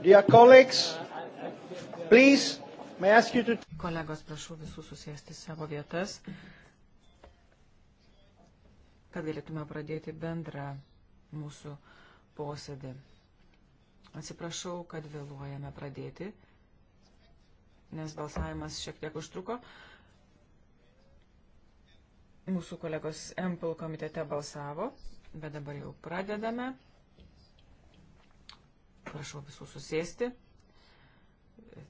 Dear colleagues, please, may I ask you to... Kolegos, prašau visų susėsti savo vietas, kad galėtume pradėti bendrą mūsų posėdį. Atsiprašau, kad vėluojame pradėti, nes balsavimas šiek tiek užtruko. Mūsų kolegos MPL komitete balsavo, bet dabar jau pradedame. Prašau visų susėsti.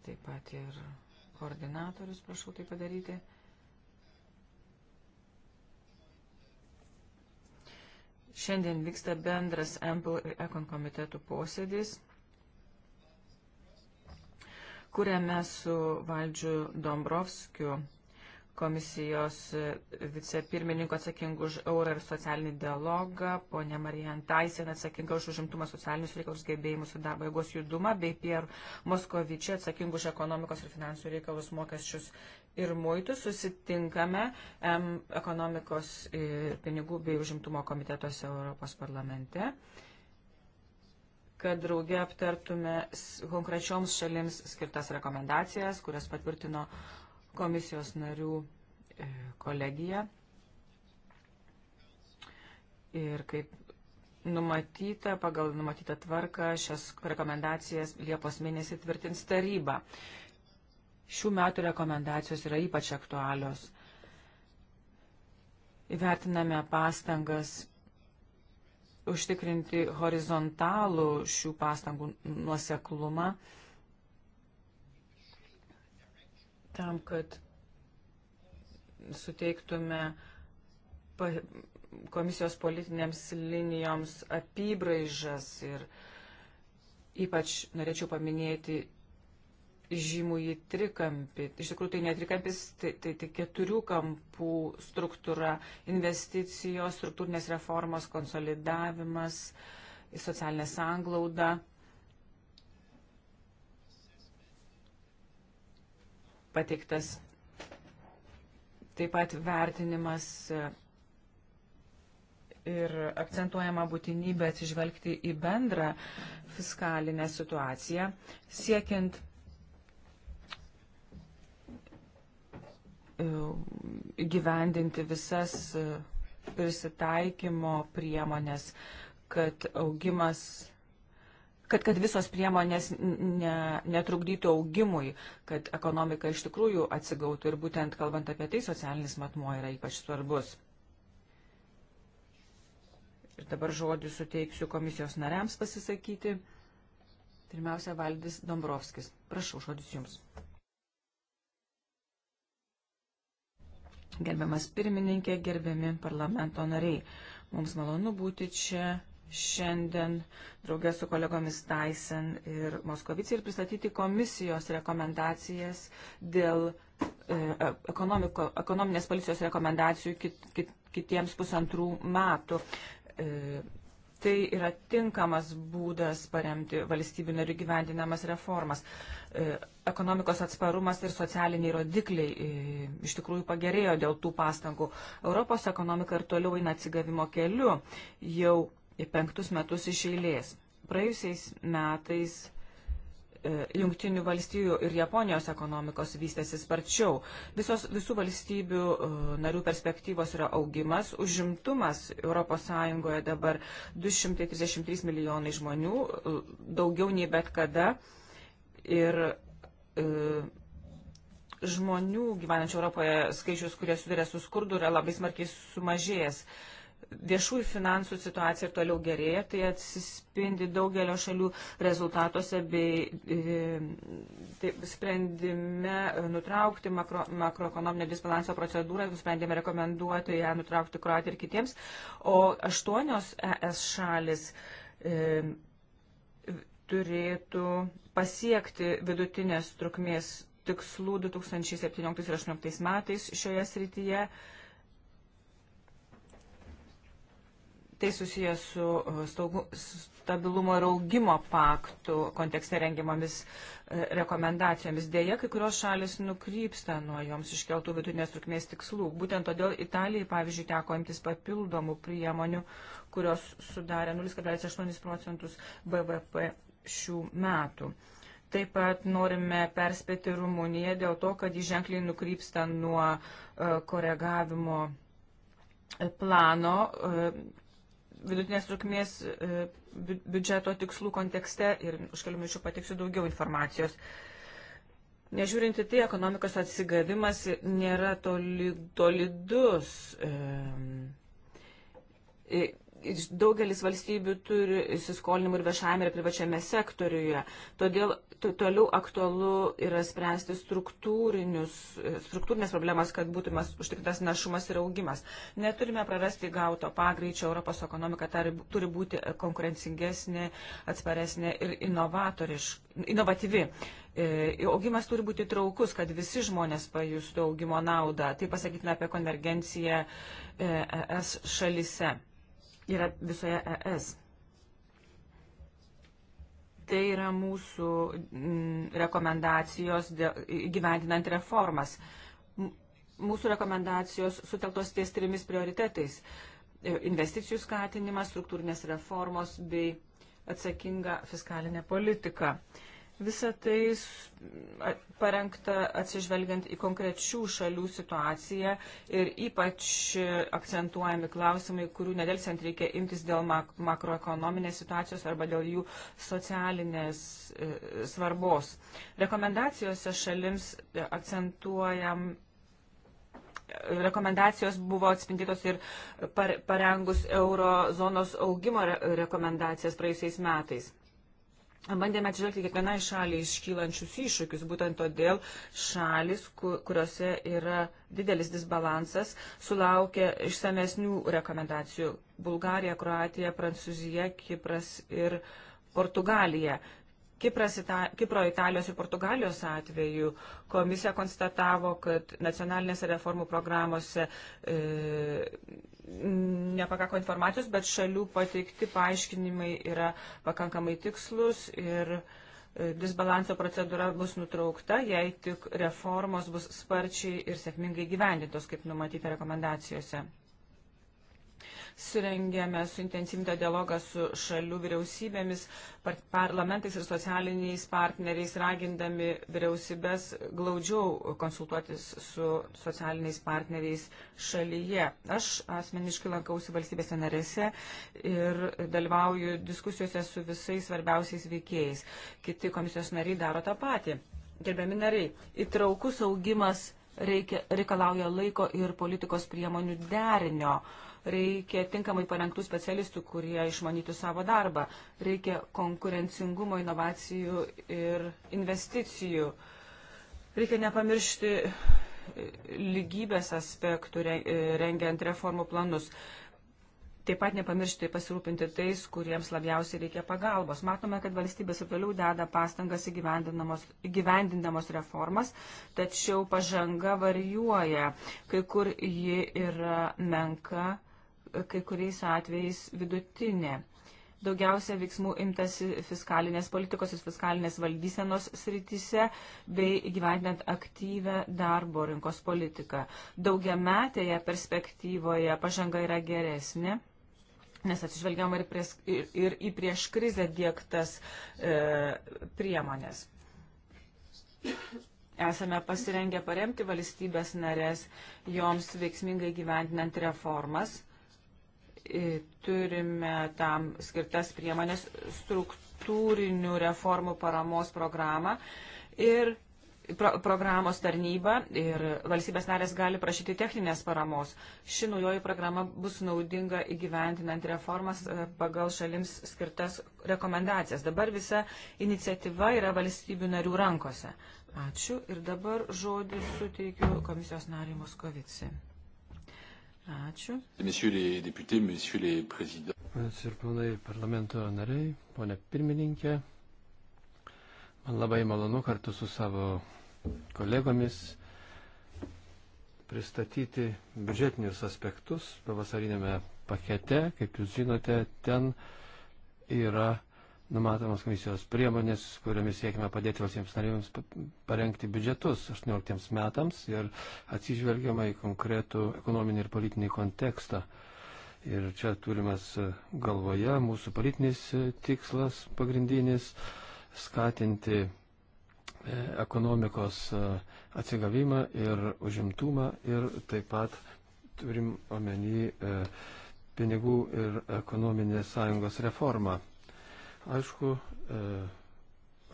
Taip pat ir koordinatorius prašau tai padaryti. Šiandien vyksta bendras Ample ir Ekon komitetų posėdis, kuriame su Valdžiu Dombrovskiu komisijos e, vicepirmininko atsakingų už eurą ir socialinį dialogą, ponė Marijan Taisen atsakinga už užimtumą socialinius reikalus gebėjimus ir darbo jėgos judumą, bei Pier Moskovičiai atsakingų už ekonomikos ir finansų reikalus mokesčius ir muitus. Susitinkame em, ekonomikos ir pinigų bei užimtumo komitetuose Europos parlamente kad drauge aptartume konkrečioms šalims skirtas rekomendacijas, kurias patvirtino uh, komisijos narių e, kolegija. Ir kaip numatyta, pagal numatytą tvarką, šias rekomendacijas Liepos mėnesį tvirtins taryba. Šių metų rekomendacijos yra ypač aktualios. Įvertiname pastangas užtikrinti horizontalų šių pastangų nuoseklumą tam, kad suteiktume komisijos politinėms linijoms apibraižas ir ypač norėčiau paminėti žymų į trikampį. Iš tikrųjų, tai netrikampis, tai, tai, tai keturių kampų struktūra - investicijos, struktūrinės reformos, konsolidavimas, socialinė sanglauda. pateiktas taip pat vertinimas ir akcentuojama būtinybė atsižvelgti į bendrą fiskalinę situaciją, siekiant e, gyvendinti visas e, prisitaikymo priemonės, kad augimas kad, kad visos priemonės ne, netrukdytų augimui, kad ekonomika iš tikrųjų atsigautų ir būtent kalbant apie tai socialinis matmuo yra ypač svarbus. Ir dabar žodį suteiksiu komisijos nariams pasisakyti. Pirmiausia, Valdis Dombrovskis. Prašau, žodis jums. Gerbiamas pirmininkė, gerbiami parlamento nariai, mums malonu būti čia šiandien draugės su kolegomis Tyson ir Moskovici ir pristatyti komisijos rekomendacijas dėl e, e, ekonomiko, ekonominės policijos rekomendacijų kit, kit, kitiems pusantrų metų. E, tai yra tinkamas būdas paremti valstybių narių gyvendinamas reformas. E, ekonomikos atsparumas ir socialiniai rodikliai e, iš tikrųjų pagerėjo dėl tų pastangų. Europos ekonomika ir toliau eina atsigavimo keliu. Jau penktus metus iš eilės. Praėjusiais metais e, Junktinių valstybių ir Japonijos ekonomikos vystėsi sparčiau. Visos, visų valstybių e, narių perspektyvos yra augimas, užimtumas ES dabar 233 milijonai žmonių, e, daugiau nei bet kada. Ir e, žmonių gyvenančių Europoje skaičius, kurie sudarė su skurdu, yra labai smarkiai sumažėjęs. E, viešųjų finansų situacija ir toliau gerėja, tai atsispindi daugelio šalių rezultatuose bei e, taip, sprendime e, nutraukti makro, makroekonominio disbalanso procedūrą, nusprendėme rekomenduoti ją nutraukti Kroatijai ir kitiems, o aštuonios ES šalis e, turėtų pasiekti vidutinės trukmės tikslų 2017 ir 2018 metais šioje srityje. E, Tai susijęs su e, staugu, stabilumo ir augimo paktų kontekste rengiamomis e, rekomendacijomis. Deja, kai kurios šalis nukrypsta nuo joms iškeltų vidutinės trukmės tikslų. Būtent todėl Italijai, pavyzdžiui, teko imtis papildomų priemonių, kurios sudarė 0,8 procentus BVP šių metų. Taip pat norime perspėti Rumuniją dėl to, kad jį ženkliai nukrypsta nuo e, koregavimo plano, vidutinės trukmės e, biudžeto tikslų kontekste ir už kelių minučių pateiksiu daugiau informacijos. Nežiūrinti tai, ekonomikos atsigavimas nėra toli, tolidus. E, daugelis valstybių turi įsiskolinimų ir viešajame, ir privačiame sektoriuje. Todėl to, toliau aktualu yra spręsti struktūrinės problemas, kad būtumas užtikrintas našumas ir augimas. Neturime prarasti gauto pagreičio, Europos ekonomika tari, turi būti konkurencingesnė, atsparesnė ir inovatyvi. E, augimas turi būti traukus, kad visi žmonės pajustų augimo naudą. Tai pasakytina apie konvergenciją e, ES šalise yra visoje ES. Tai yra mūsų mm, rekomendacijos gyvendinant reformas. Mūsų rekomendacijos sutelktos ties trimis prioritetais e, - investicijų skatinimas, struktūrinės reformos bei atsakinga fiskalinė politika. Uh, Visą tai parengta atsižvelgiant į konkrečių šalių situaciją ir ypač akcentuojami klausimai, kurių nedelsiant reikia imtis dėl mak makroekonominės situacijos arba dėl jų socialinės e, svarbos. Rekomendacijose šalims e, akcentuojam. E, rekomendacijos buvo atspindytos ir par, parengus eurozonos augimo re, rekomendacijas praėjusiais metais Bandėme atsižvelgti kiekvienai šaliai iškylančius iššūkius, būtent todėl šalis, kuriuose yra didelis disbalansas, sulaukia išsamesnių rekomendacijų. Bulgarija, Kroatija, Prancūzija, Kipras ir Portugalija. Kipras, Ita Kipro, Italijos ir Portugalijos atveju komisija konstatavo, kad nacionalinėse reformų programuose e, nepakako informacijos, bet šalių pateikti paaiškinimai yra pakankamai tikslus ir e, disbalanso procedūra bus nutraukta, jei tik reformos bus sparčiai ir sėkmingai gyvendintos, kaip numatyta rekomendacijose surengėme suintensyvintą dialogą su šalių vyriausybėmis, parlamentais ir socialiniais partneriais, ragindami vyriausybės glaudžiau konsultuotis su socialiniais partneriais šalyje. Aš asmeniškai lankausi valstybėse narėse ir dalyvauju diskusijose su visais svarbiausiais veikėjais. Kiti komisijos nariai daro tą patį. Gerbiami nariai, įtraukus augimas reikia, reikalauja laiko ir politikos priemonių derinio. Uh, reikia tinkamai parengtų specialistų, kurie išmanytų savo darbą, reikia konkurencingumo, inovacijų ir investicijų. Reikia nepamiršti lygybės aspektų rengiant reformų planus. Taip pat nepamiršti pasirūpinti tais, kuriems labiausiai reikia pagalbos. Matome, kad valstybės ir toliau deda pastangas įgyvendindamos reformas, tačiau pažanga varijuoja, kai kur ji yra menka kai kuriais atvejais vidutinė. Daugiausia veiksmų imtasi fiskalinės politikos ir fiskalinės valdysenos srityse bei įgyvendinant aktyvę darbo rinkos politiką. Daugiametėje perspektyvoje pažanga yra geresnė. Nes atsižvelgiam ir, prie, ir, ir į prieš krizę dėktas e, priemonės. Esame pasirengę paremti valstybės narės joms veiksmingai gyvendinant reformas E, turime tam skirtas priemonės struktūrinių reformų paramos programą ir pro, programos tarnyba ir valstybės narės gali prašyti techninės paramos. Ši naujoji programa bus naudinga įgyventinant reformas e, pagal šalims skirtas rekomendacijas. Dabar visa iniciatyva yra valstybių narių rankose. Ačiū ir dabar žodį suteikiu komisijos nariai Moskovici. Ačiū. Mes ir ponai parlamento nariai, ponė pirmininkė, man labai malonu kartu su savo kolegomis pristatyti biudžetinius aspektus pavasarinėme pakete. Kaip jūs žinote, ten yra numatomos komisijos priemonės, kuriomis siekime padėti valstybėms narėms parengti biudžetus 18 metams ir atsižvelgiama į konkretų ekonominį ir politinį kontekstą. Ir čia turimas galvoje mūsų politinis tikslas pagrindinis - skatinti e, ekonomikos e, atsigavimą ir užimtumą ir taip pat turim omeny e, pinigų ir ekonominės sąjungos reformą. Aišku, e,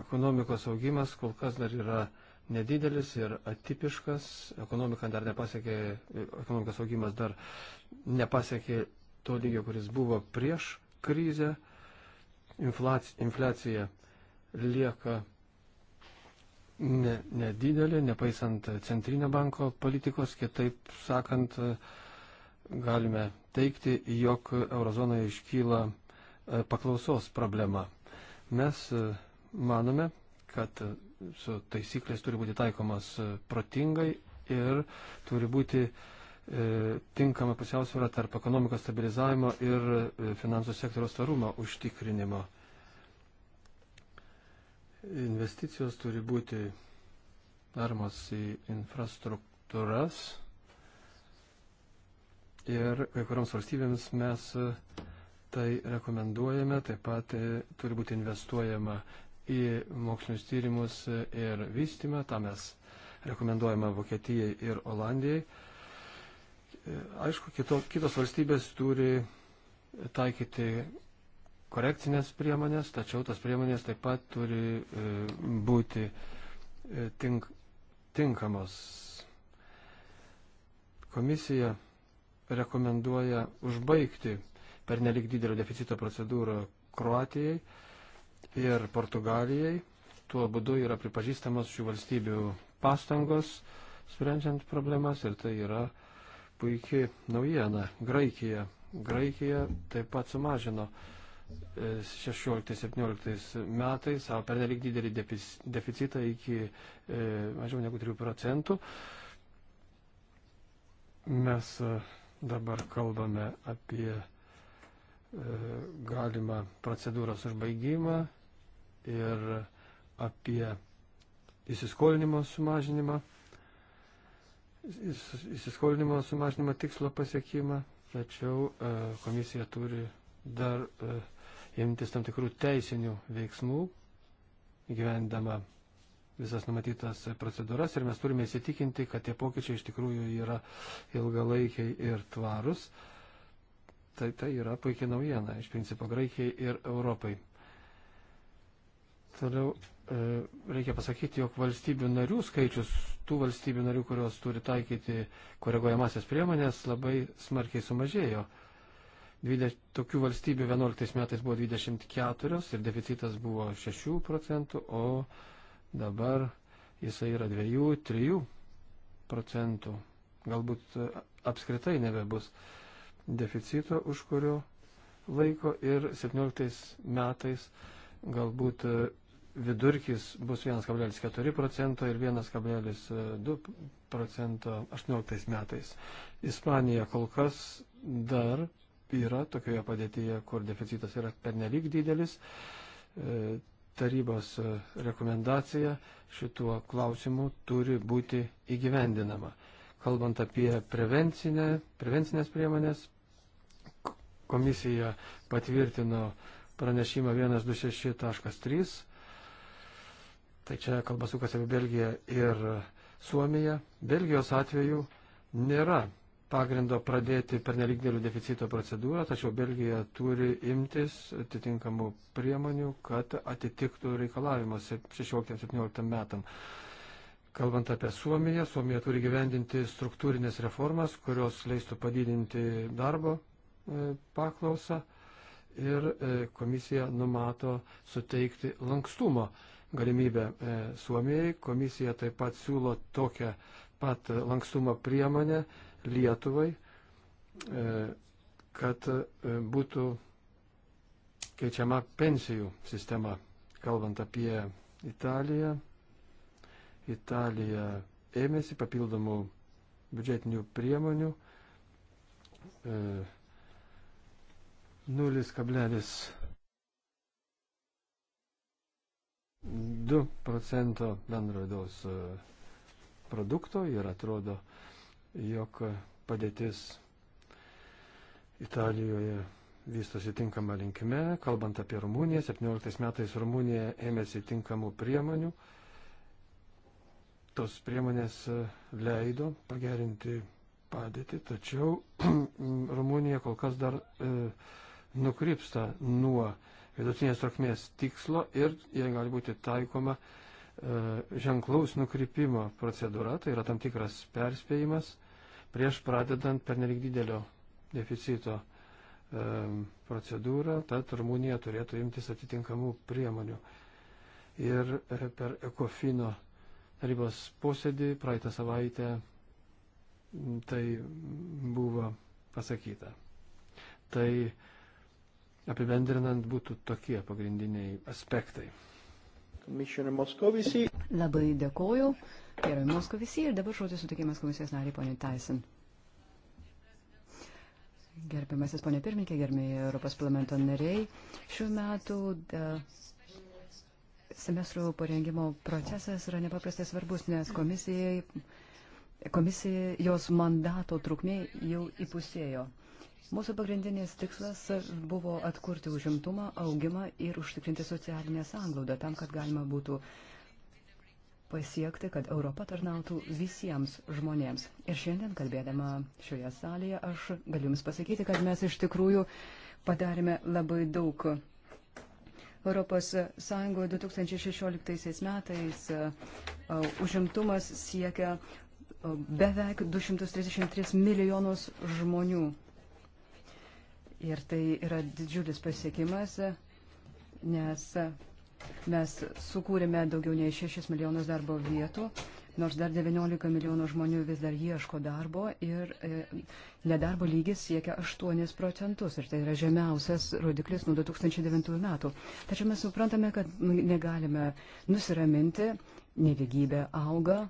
ekonomikos augimas kol kas dar yra nedidelis ir atipiškas, ekonomika dar nepasiekė, e, ekonomikos augimas dar nepasiekė to lygio, kuris buvo prieš krizę, inflacija, inflacija lieka ne, nedidelė, nepaisant centrinio banko politikos, kitaip sakant, e, galime teikti, jog eurozonoje iškyla E, paklausos problema. Mes e, manome, kad su taisyklės turi būti taikomas e, protingai ir turi būti e, tinkama pusiausvėra tarp ekonomikos stabilizavimo ir finansų sektoriaus tvarumo užtikrinimo. Investicijos turi būti daromos į infrastruktūras ir kai kurioms valstybėms mes e, tai rekomenduojame, taip pat e, turi būti investuojama į mokslinius tyrimus ir vystymą, tą mes rekomenduojame Vokietijai ir Olandijai. E, aišku, kito, kitos valstybės turi taikyti korekcinės priemonės, tačiau tas priemonės taip pat turi e, būti tink, tinkamos. Komisija rekomenduoja užbaigti per nelik didelio deficito procedūrą Kroatijai ir Portugalijai. Tuo būdu yra pripažįstamos šių valstybių pastangos sprendžiant problemas ir tai yra puikiai naujiena. Graikija. Graikija taip pat sumažino 16-17 e, metais savo pernelik didelį deficitą iki e, mažiau negu 3 procentų. Mes e, dabar kalbame apie galima procedūros užbaigimą ir apie įsiskolinimo sumažinimą, įsiskolinimo sumažinimo tikslo pasiekimą, tačiau e, komisija turi dar e, imtis tam tikrų teisinių veiksmų, gyvendama visas numatytas procedūras ir mes turime įsitikinti, kad tie pokyčiai iš tikrųjų yra ilgalaikiai ir tvarus. Uh, tai tai yra puikia naujiena iš principo Graikijai ir Europai. Toliau e, reikia pasakyti, jog valstybių narių skaičius, tų valstybių narių, kurios turi taikyti koreguojamasias priemonės, labai smarkiai sumažėjo. 20, tokių valstybių 11 metais buvo 24 ir deficitas buvo 6 procentų, o dabar jisai yra 2-3 procentų. Galbūt e, apskritai nebebus. bus deficito, už kurio laiko ir 17 metais galbūt e, vidurkis bus 1,4 procento ir 1,2 procento 18 metais. Ispanija kol kas dar yra tokioje padėtyje, kur deficitas yra pernelyg didelis. E, tarybos e, rekomendacija šituo klausimu turi būti įgyvendinama. Kalbant apie prevencinę, prevencinės priemonės, komisija patvirtino pranešimą 126.3. Tai čia kalba sukasi apie Belgiją ir Suomiją. Belgijos atveju nėra pagrindo pradėti pernelyg dėlių deficito procedūrą, tačiau Belgija turi imtis atitinkamų priemonių, kad atitiktų reikalavimus 16-17 metam. Kalbant apie Suomiją, Suomija turi gyvendinti struktūrinės reformas, kurios leistų padidinti darbo E, paklausą ir e, komisija numato suteikti lankstumo galimybę e, Suomijai. Komisija taip pat siūlo tokią pat lankstumo priemonę Lietuvai, kad būtų keičiama pensijų sistema. Kalbant apie Italiją, Italija ėmėsi papildomų biudžetinių priemonių. E, 0,2 procento bendro vidaus e, produkto ir atrodo, jog padėtis Italijoje vystosi tinkama linkme. Kalbant apie Rumuniją, 17 metais Rumunija ėmėsi tinkamų priemonių. Tos priemonės e, leido pagerinti padėtį, tačiau Rumunija kol kas dar e, nukrypsta nuo vidutinės trukmės tikslo ir jie gali būti taikoma e, ženklaus nukrypimo procedūra, tai yra tam tikras perspėjimas prieš pradedant pernelik didelio deficito e, procedūrą, tad Rumunija turėtų imtis atitinkamų priemonių. Ir per Ekofino tarybos posėdį praeitą savaitę tai buvo pasakyta. Tai Apibendrinant būtų tokie pagrindiniai aspektai. Labai dėkoju. Gerai, Moskovisi ir dabar žodis sutikimas komisijos nariai, ponė Tyson. Gerbiamasis ponė pirmininkė, gerbėjai Europos parlamento nariai, šiuo metu e, semestro parengimo procesas yra nepaprastai svarbus, nes komisijai, komisija jos mandato trukmė jau įpusėjo. Mūsų pagrindinis tikslas buvo atkurti užimtumą, augimą ir užtikrinti socialinę sanglaudą tam, kad galima būtų pasiekti, kad Europa tarnautų visiems žmonėms. Ir šiandien, kalbėdama šioje salėje, aš galiu Jums pasakyti, kad mes iš tikrųjų padarėme labai daug. Europos Sąjungoje 2016 metais užimtumas siekia beveik 233 milijonus žmonių. Ir tai yra didžiulis pasiekimas, nes mes sukūrėme daugiau nei 6 milijonus darbo vietų, nors dar 19 milijonų žmonių vis dar ieško darbo ir e, nedarbo lygis siekia 8 procentus ir tai yra žemiausias rodiklis nuo 2009 metų. Tačiau mes suprantame, kad negalime nusiraminti, nelygybė auga,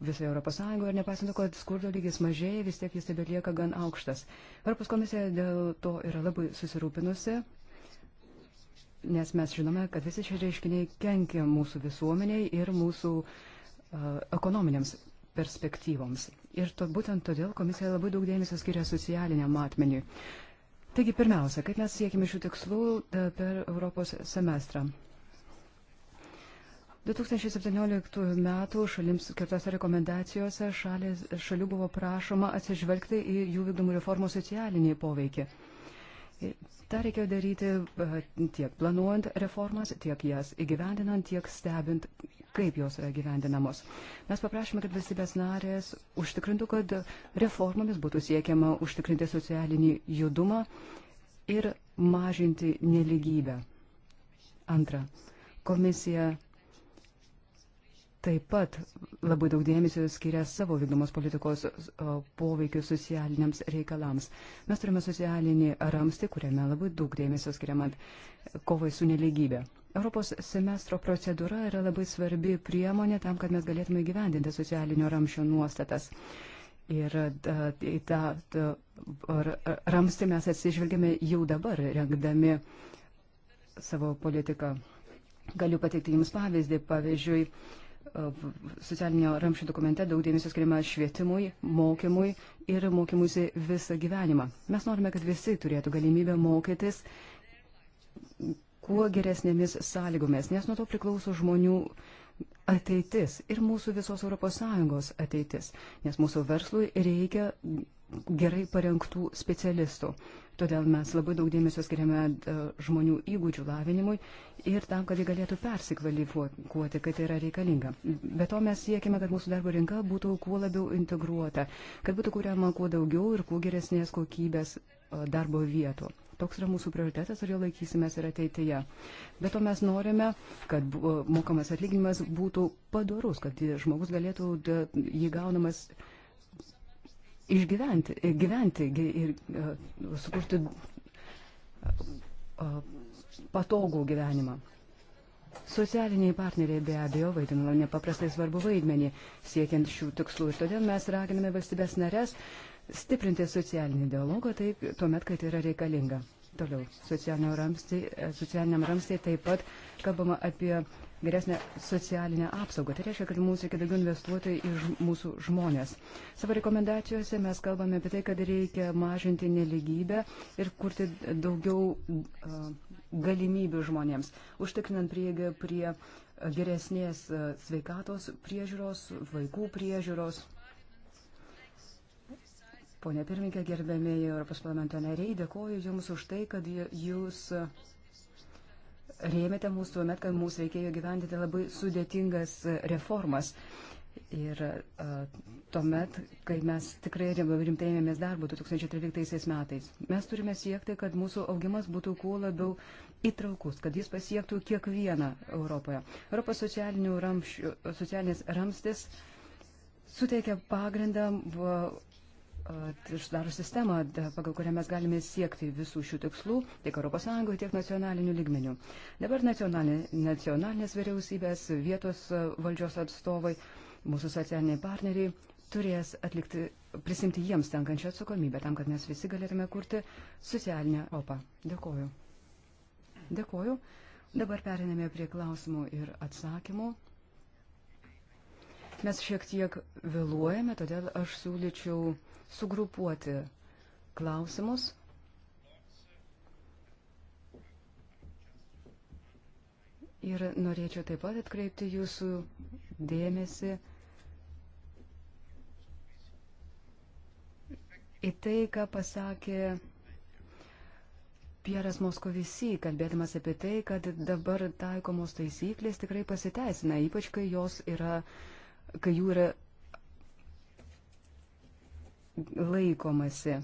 visoje Europos Sąjungoje ir nepaisant to, kad skurdo lygis mažėja, vis tiek jis tebelieka gan aukštas. Europos komisija dėl to yra labai susirūpinusi, nes mes žinome, kad visi šie reiškiniai kenkia mūsų visuomeniai ir mūsų uh, ekonominiams perspektyvoms. Ir to, būtent todėl komisija labai daug dėmesio skiria socialiniam matmeniui. Taigi, pirmiausia, kaip mes siekime šių tikslų per Europos semestrą. 2017 metų šalims skirtose rekomendacijose šalės, šalių buvo prašoma atsižvelgti į jų vykdomų reformų socialinį poveikį. Ta reikėjo daryti e, tiek planuojant reformas, tiek jas įgyvendinant, tiek stebint, kaip jos yra gyvendinamos. Mes paprašome, kad valstybės narės užtikrintų, kad reformomis būtų siekiama užtikrinti socialinį judumą ir mažinti neligybę. Antra, komisija taip pat labai daug dėmesio skiria savo vykdomos politikos poveikiu socialiniams reikalams. Mes turime socialinį ramstį, kuriame labai daug dėmesio skiriama kovai su neligybė. Europos semestro procedūra yra labai svarbi priemonė tam, kad mes galėtume įgyvendinti socialinio ramšio nuostatas. Ir į tą ramstį mes atsižvelgėme jau dabar, rengdami savo politiką. Galiu pateikti Jums pavyzdį. Pavyzdžiui, socialinio ramščio dokumente daug dėmesio skiriama švietimui, mokymui ir mokymusi visą gyvenimą. Mes norime, kad visi turėtų galimybę mokytis kuo geresnėmis sąlygomis, nes nuo to priklauso žmonių ateitis ir mūsų visos ES ateitis, nes mūsų verslui reikia gerai parengtų specialistų. Todėl mes labai daug dėmesio skiriame e, žmonių įgūdžių lavinimui ir tam, kad jie galėtų persikvalifikuoti, kad tai yra reikalinga. Be to mes siekime, kad mūsų darbo rinka būtų kuo labiau integruota, kad būtų kuriama kuo daugiau ir kuo geresnės kokybės e, darbo vietų. Toks yra mūsų prioritetas ir jo laikysimės ir ateityje. Bet to mes norime, kad e, mokamas atlyginimas būtų padorus, kad žmogus galėtų jį gaunamas išgyventi, gyventi ir e, sukurti e, patogų gyvenimą. Socialiniai partneriai be abejo vaidino nepaprastai svarbu vaidmenį siekiant šių tikslų ir todėl mes raginame valstybės narės stiprinti socialinį dialogą taip, tuomet, kai tai yra reikalinga. Toliau, ramstį, socialiniam ramstį taip pat kalbama apie geresnę socialinę apsaugą. Tai reiškia, kad mums reikia daugiau investuoti į mūsų žmonės. Savo rekomendacijose mes kalbame apie tai, kad reikia mažinti neligybę ir kurti daugiau galimybių žmonėms, užtikrinant prieigą prie geresnės sveikatos priežiūros, vaikų priežiūros. Pone pirmininkė, gerbėmėjai Europos parlamento nariai, dėkoju Jums už tai, kad Jūs. Uh, rėmėte mūsų tuomet, kad mums reikėjo gyventi labai sudėtingas e, reformas. Ir uh, tuomet, kai mes tikrai rimtai ėmėmės darbo 2013 metais, mes turime siekti, kad mūsų augimas būtų kuo labiau įtraukus, kad jis pasiektų kiekvieną Europoje. Europos ramš, socialinis ramstis suteikia pagrindą uždaro sistemą, pagal kurią mes galime siekti visų šių tikslų tiek ES, tiek nacionaliniu lygmeniu. Dabar nacionalinė, nacionalinės vyriausybės, vietos valdžios atstovai, mūsų socialiniai partneriai turės atlikti, prisimti jiems tenkančią atsakomybę tam, kad mes visi galėtume kurti socialinę opą. Dėkoju. Dėkoju. Dabar periname prie klausimų ir atsakymų. Mes šiek tiek vėluojame, todėl aš siūlyčiau sugrupuoti klausimus. Ir norėčiau taip pat atkreipti jūsų dėmesį į tai, ką pasakė Pieras Moskovisi, kalbėdamas apie tai, kad dabar taikomos taisyklės tikrai pasiteisina, ypač kai jos yra uh, kai jų yra laikomasi.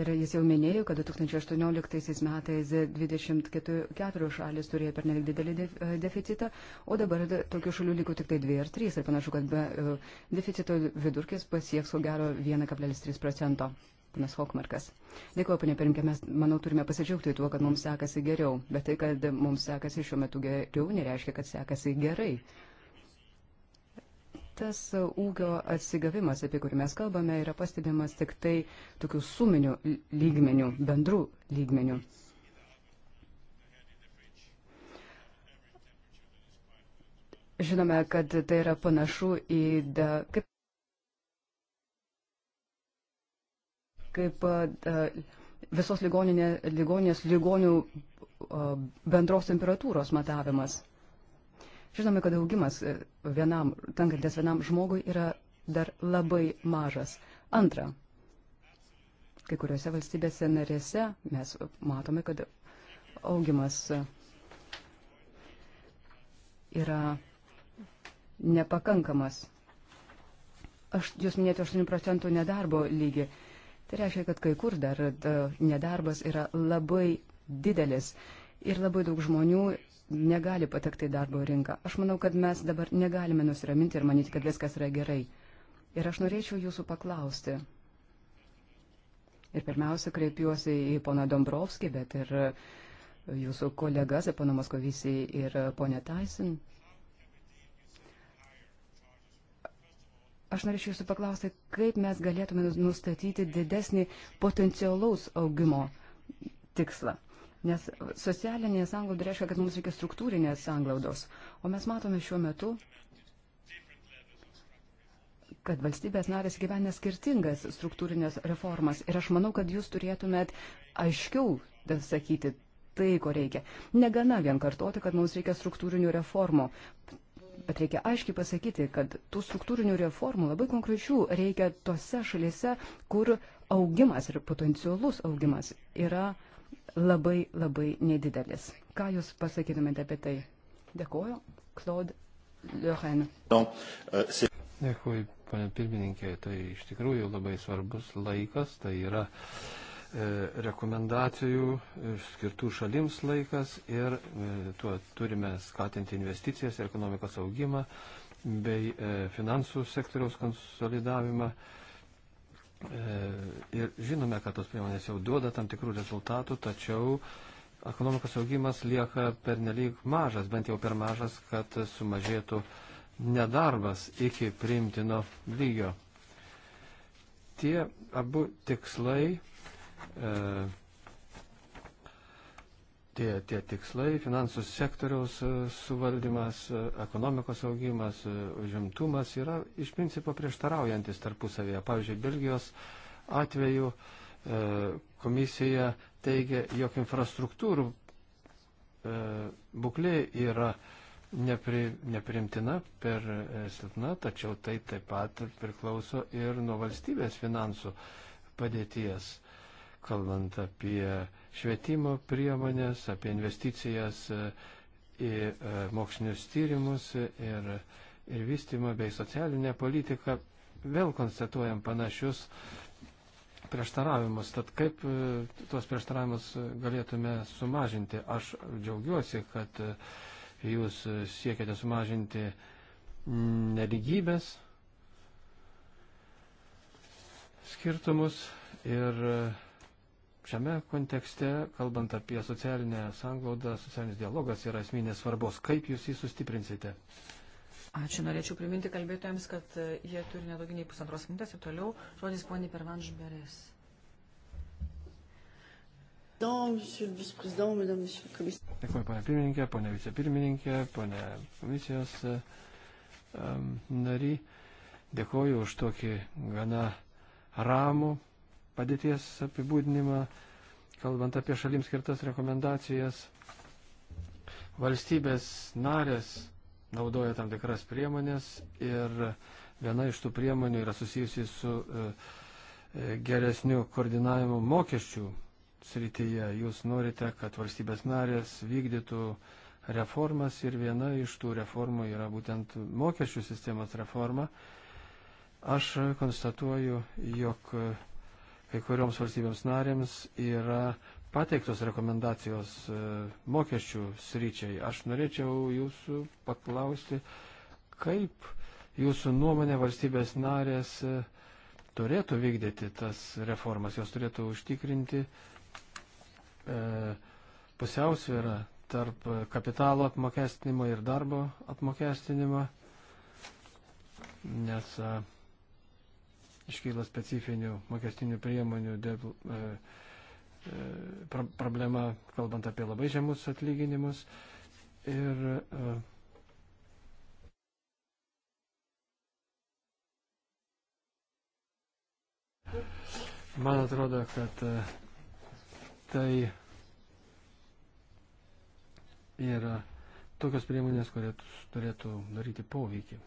Ir jis jau minėjo, kad 2018 metais 24 šalis turėjo per nelik didelį e, deficitą, o dabar tokių šalių liko tik tai 2 ar 3. Ir panašu, kad be e, deficito vidurkis pasieks ko gero 1,3 procento. Panas Hokmarkas. Dėkuoju, panė Pirinkė, mes, manau, turime pasidžiaugti tuo, kad mums sekasi geriau, bet tai, kad mums sekasi šiuo metu geriau, nereiškia, kad sekasi gerai tas ūkio atsigavimas, apie kurį mes kalbame, yra pastebimas tik tai tokių suminių lygmenių, bendrų lygmenių. Žinome, kad tai yra panašu į da, kaip, kaip da, visos ligoninės, ligoninės ligonių bendros temperatūros matavimas. Žinome, kad augimas e, vienam, tenkantis vienam žmogui yra dar labai mažas. Antra, kai kuriuose valstybėse narėse mes matome, kad augimas yra nepakankamas. Aš, jūs minėjote 8 procentų nedarbo lygį. Tai reiškia, kad kai kur dar da, nedarbas yra labai didelis ir labai daug žmonių negali patekti į darbo rinką. Aš manau, kad mes dabar negalime nusiraminti ir manyti, kad viskas yra gerai. Ir aš norėčiau jūsų paklausti. Ir pirmiausia, kreipiuosi į poną Dombrovskį, bet ir jūsų kolegas, poną Moskovysį ir ponę Tyson. Aš norėčiau jūsų paklausti, kaip mes galėtume nustatyti didesnį potencialaus augimo tikslą. Nes socialinė sanglauda reiškia, kad mums reikia struktūrinės sanglaudos. O mes matome šiuo metu, kad valstybės narės gyvena skirtingas struktūrinės reformas. Ir aš manau, kad jūs turėtumėt aiškiau sakyti tai, ko reikia. Negana vien kartoti, kad mums reikia struktūrinių reformų. Bet reikia aiškiai pasakyti, kad tų struktūrinių reformų labai konkrečių reikia tose šalyse, kur augimas ir potencialus augimas yra uh, labai labai nedidelis. Ką Jūs pasakytumėte apie tai? Dėkuoju, Claude Liohen. Euh, Dėkuoju, panė pirmininkė, tai iš tikrųjų labai svarbus laikas, tai yra e, rekomendacijų skirtų šalims laikas ir e, tuo turime skatinti investicijas ir ekonomikos augimą bei e, finansų sektoriaus konsolidavimą. E, ir žinome, kad tos priemonės jau duoda tam tikrų rezultatų, tačiau ekonomikos augimas lieka pernelyg mažas, bent jau per mažas, kad sumažėtų nedarbas iki priimtino lygio. Tie abu tikslai e, tie, tie tikslai - finansų sektoriaus e, suvaldymas, e, ekonomikos augimas, e, užimtumas yra iš principo prieštaraujantis tarpusavėje. Pavyzdžiui, Belgijos atveju komisija teigia, jog infrastruktūrų būklė yra nepri, neprimtina per silpna, tačiau tai taip pat priklauso ir nuo valstybės finansų padėties kalbant apie švietimo priemonės, apie investicijas e, į e, mokslinius tyrimus ir, ir vystimą bei socialinę politiką, vėl konstatuojam panašius prieštaravimus. Tad kaip e, tuos prieštaravimus galėtume sumažinti? Aš džiaugiuosi, kad jūs siekiate sumažinti neligybės skirtumus ir šiame kontekste, kalbant apie socialinę sanglaudą, socialinis dialogas yra esminės svarbos. Kaip jūs jį sustiprinsite? Ačiū. Norėčiau priminti kalbėtojams, kad e, jie turi nedaugiau nei pusantros minutės ir toliau žodis poniai Pervanš Beres. Dėkuoju, ponė pirmininkė, ponė vicepirmininkė, ponė komisijos um, e, nari. Dėkuoju už tokį gana ramų padėties apibūdinimą, kalbant apie šalims skirtas rekomendacijas. Valstybės narės naudoja tam tikras priemonės ir viena iš tų priemonių yra susijusi su e, e, geresniu koordinavimu mokesčių srityje. Jūs norite, kad valstybės narės vykdytų reformas ir viena iš tų reformų yra būtent mokesčių sistemos reforma. Aš konstatuoju, jog kai kurioms valstybėms narėms yra pateiktos rekomendacijos e, mokesčių sryčiai. Aš norėčiau jūsų paklausti, kaip jūsų nuomonė valstybės narės e, turėtų vykdyti tas reformas, jos turėtų užtikrinti e, pusiausvyrą tarp kapitalo apmokestinimo ir darbo apmokestinimo, nes e, iškyla specifinių mokestinių priemonių dėl, e, e, problema, kalbant apie labai žemus atlyginimus. Ir, e, Man atrodo, kad e, tai yra tokios priemonės, kurios turėtų daryti poveikį.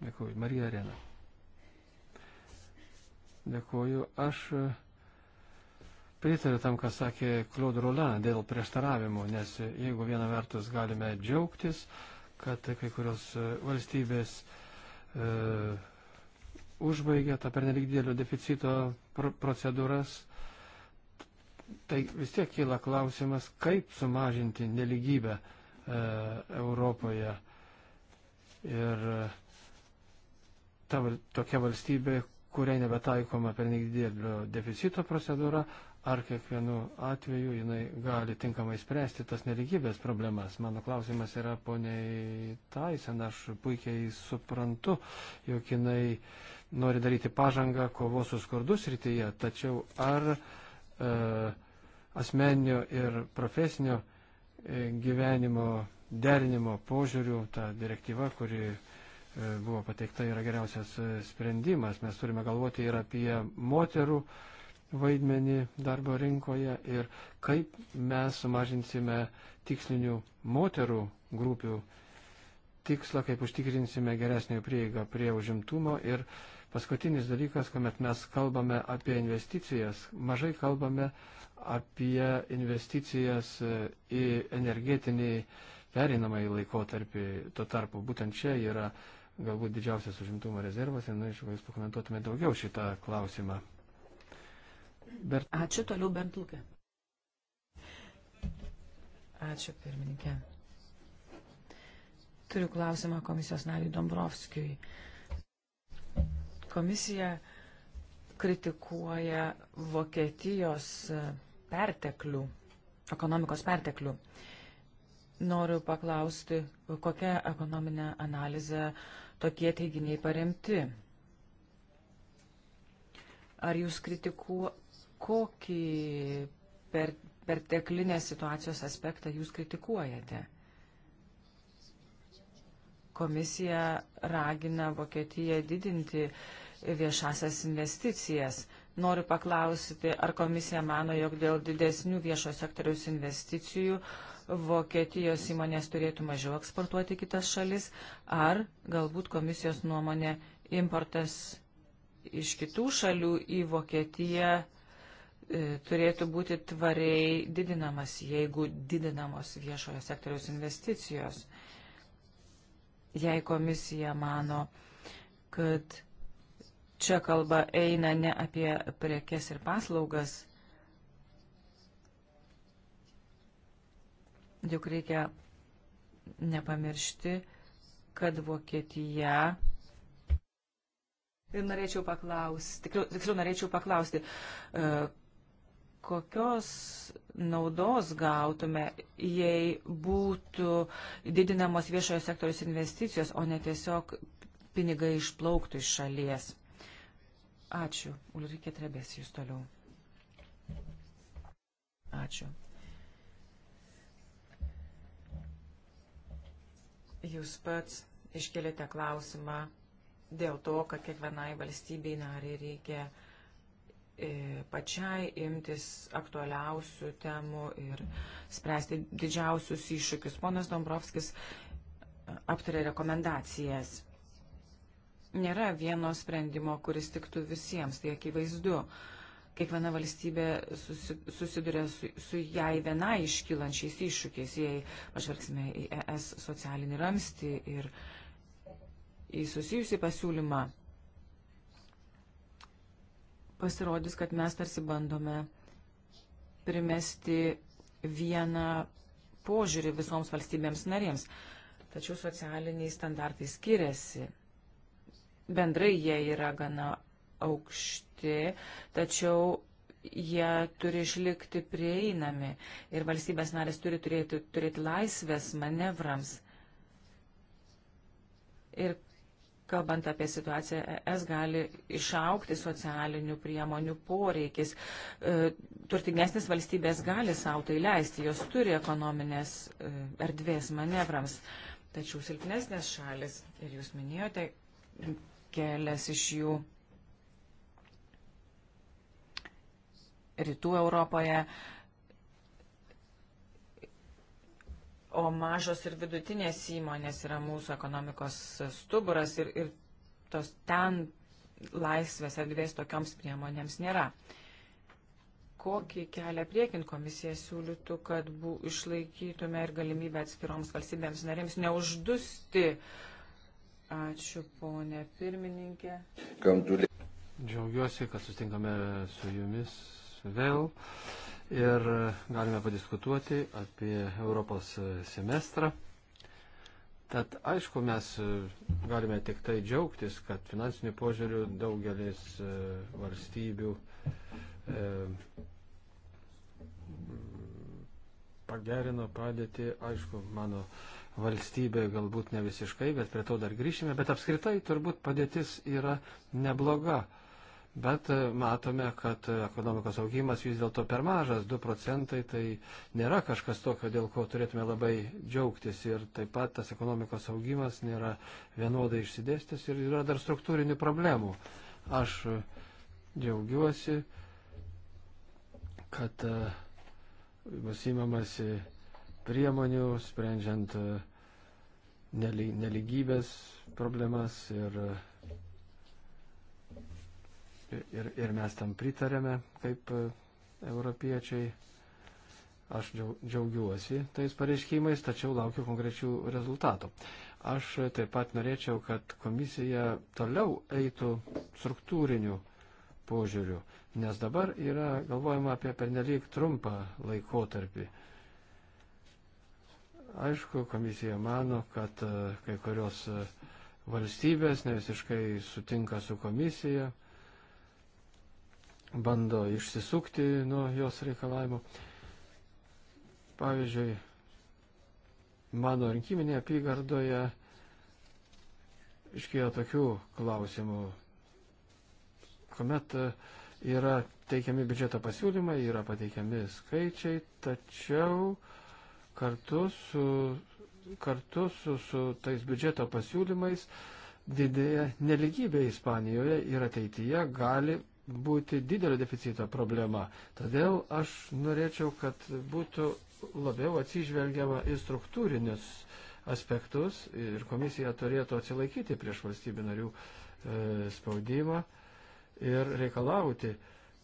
Dėkui. Marija Arena. Dėkuoju. Aš e, pritariu tam, ką sakė Claude Roland dėl prieštaravimų, nes jeigu viena vertus galime džiaugtis, kad kai kurios e, valstybės e, užbaigė tą pernelyg didelio deficito pr procedūras, tai vis tiek kyla klausimas, kaip sumažinti neligybę e, Europoje. Ir e, ta, tokia valstybė, kuriai nebetaikoma pernik didelio deficito procedūra, ar kiekvienu atveju jinai gali tinkamai spręsti tas neligybės problemas. Mano klausimas yra poniai Taisen, aš puikiai suprantu, jog jinai nori daryti pažangą kovos su skurdus rytyje, tačiau ar e, asmeninio ir profesinio e, gyvenimo derinimo požiūrių ta direktyva, kuri E, buvo pateikta yra geriausias e, sprendimas. Mes turime galvoti ir apie moterų vaidmenį darbo rinkoje ir kaip mes sumažinsime tikslinių moterų grupių tikslą, kaip užtikrinsime geresnį prieigą prie užimtumo. Ir paskutinis dalykas, kuomet mes kalbame apie investicijas, mažai kalbame apie investicijas e, į energetinį pereinamąjį laikotarpį. Tuo tarpu būtent čia yra uh, galbūt didžiausias užimtumo rezervas ir norėčiau, kad jūs pakomentuotumėte daugiau šitą klausimą. Bert... Ačiū toliau, Bent Lukė. Ačiū, pirmininkė. Turiu klausimą komisijos nariui Dombrovskijui. Komisija kritikuoja Vokietijos perteklių, ekonomikos perteklių. Noriu paklausti, kokią ekonominę analizę uh, tokie teiginiai paremti. Ar jūs kritiku, kokį per, perteklinės situacijos aspektą jūs kritikuojate? Komisija ragina Vokietiją didinti viešasias investicijas. Noriu paklausyti, ar komisija mano, jog dėl didesnių viešo sektoriaus investicijų Vokietijos įmonės turėtų mažiau eksportuoti kitas šalis, ar galbūt komisijos nuomonė importas iš kitų šalių į Vokietiją e, turėtų būti tvariai didinamas, jeigu didinamos viešojo sektoriaus investicijos. Jei komisija mano, kad čia kalba eina ne apie prekes ir paslaugas, juk reikia nepamiršti, kad Vokietija. Ir norėčiau paklausti, tiksliau norėčiau paklausti, e, kokios naudos gautume, jei būtų didinamos viešojo sektoriaus investicijos, o ne tiesiog pinigai išplauktų iš šalies. Ačiū. Ulrike Trebės jūs toliau. Ačiū. Jūs pats iškelėte klausimą dėl to, kad kiekvienai valstybei nariai reikia e, pačiai imtis aktualiausių temų ir spręsti didžiausius iššūkius. Ponas Dombrovskis aptarė rekomendacijas nėra vieno sprendimo, kuris tiktų visiems, tai akivaizdu. Kiekviena valstybė susi, susiduria su, su jai viena iškylančiais iššūkiais, jei pažvelgsime į ES socialinį ramstį ir į susijusi pasiūlymą, pasirodys, kad mes tarsi bandome primesti vieną požiūrį visoms valstybėms narėms. Tačiau socialiniai standartai skiriasi bendrai jie yra gana aukšti, tačiau jie turi išlikti prieinami ir valstybės narės turi turėti, turėti laisvės manevrams. Ir kalbant apie situaciją, es gali išaukti socialinių priemonių poreikis. E, turtingesnės valstybės gali savo tai leisti, jos turi ekonominės e, erdvės manevrams. Tačiau silpnesnės šalis, ir jūs minėjote, kelias iš jų rytų Europoje. O mažos ir vidutinės įmonės yra mūsų ekonomikos stuburas ir, ir tos ten laisvės erdvės tokioms priemonėms nėra. Kokį kelią priekin komisija siūlytų, kad bu, išlaikytume ir galimybę atskiroms valstybėms narėms neuždusti uh, Ačiū, ponė pirmininkė. Džiaugiuosi, kad sustinkame su jumis vėl ir galime padiskutuoti apie Europos semestrą. Tad aišku, mes galime tik tai džiaugtis, kad finansinių požiūrių daugelis valstybių e, pagerino padėtį, aišku, mano valstybė galbūt ne visiškai, bet prie to dar grįšime, bet apskritai turbūt padėtis yra nebloga. Bet e, matome, kad e, ekonomikos augimas vis dėlto per mažas, 2 procentai, tai nėra kažkas tokio, dėl ko turėtume labai džiaugtis. Ir taip pat tas ekonomikos augimas nėra vienodai išsidėstis ir yra dar struktūrinių problemų. Aš e, džiaugiuosi, kad uh, bus įmamasi priemonių, sprendžiant e, neligybės problemas ir, e, ir, ir mes tam pritarėme kaip e, europiečiai. Aš džiaugiuosi tais pareiškimais, tačiau laukiu konkrečių rezultatų. Aš taip pat norėčiau, kad komisija toliau eitų struktūrinių požiūrių, nes dabar yra galvojama apie pernelyg trumpą laikotarpį. Aišku, komisija mano, kad e, kai kurios e, valstybės nevisiškai sutinka su komisija, bando išsisukti nuo jos reikalavimo. Pavyzdžiui, mano rinkiminėje apygardoje iškėjo tokių klausimų kuomet e, yra teikiami biudžeto pasiūlymai, yra pateikiami skaičiai, tačiau kartu su, kartu su, su tais biudžeto pasiūlymais didėja neligybė Ispanijoje ir ateityje gali būti didelio deficito problema. Todėl aš norėčiau, kad būtų labiau atsižvelgiama į struktūrinius aspektus ir komisija turėtų atsilaikyti prieš valstybių narių e, spaudimą. E, ir reikalauti,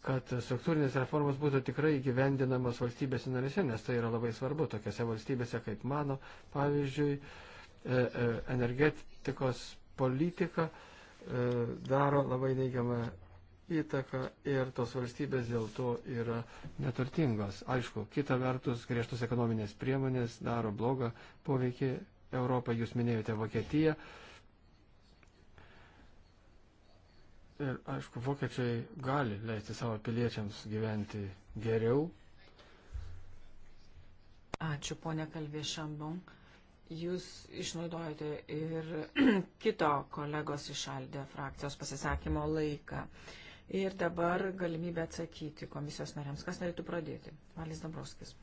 kad struktūrinės reformos būtų tikrai gyvendinamos valstybėse narėse, nes tai yra labai svarbu tokiose valstybėse kaip mano, pavyzdžiui, e, e, energetikos politika e, daro labai neigiamą įtaką ir tos valstybės dėl to yra neturtingos. Aišku, kita vertus, griežtos ekonominės priemonės daro blogą poveikį Europą, jūs minėjote Vokietiją. E, Ir aišku, vokiečiai gali leisti savo piliečiams gyventi geriau. Ačiū, ponė Kalvė Šambon. Jūs išnaudojate ir kito kolegos išaldė frakcijos pasisakymo laiką. Ir dabar galimybė atsakyti komisijos nariams. Kas norėtų pradėti? Valis Dabrovskis.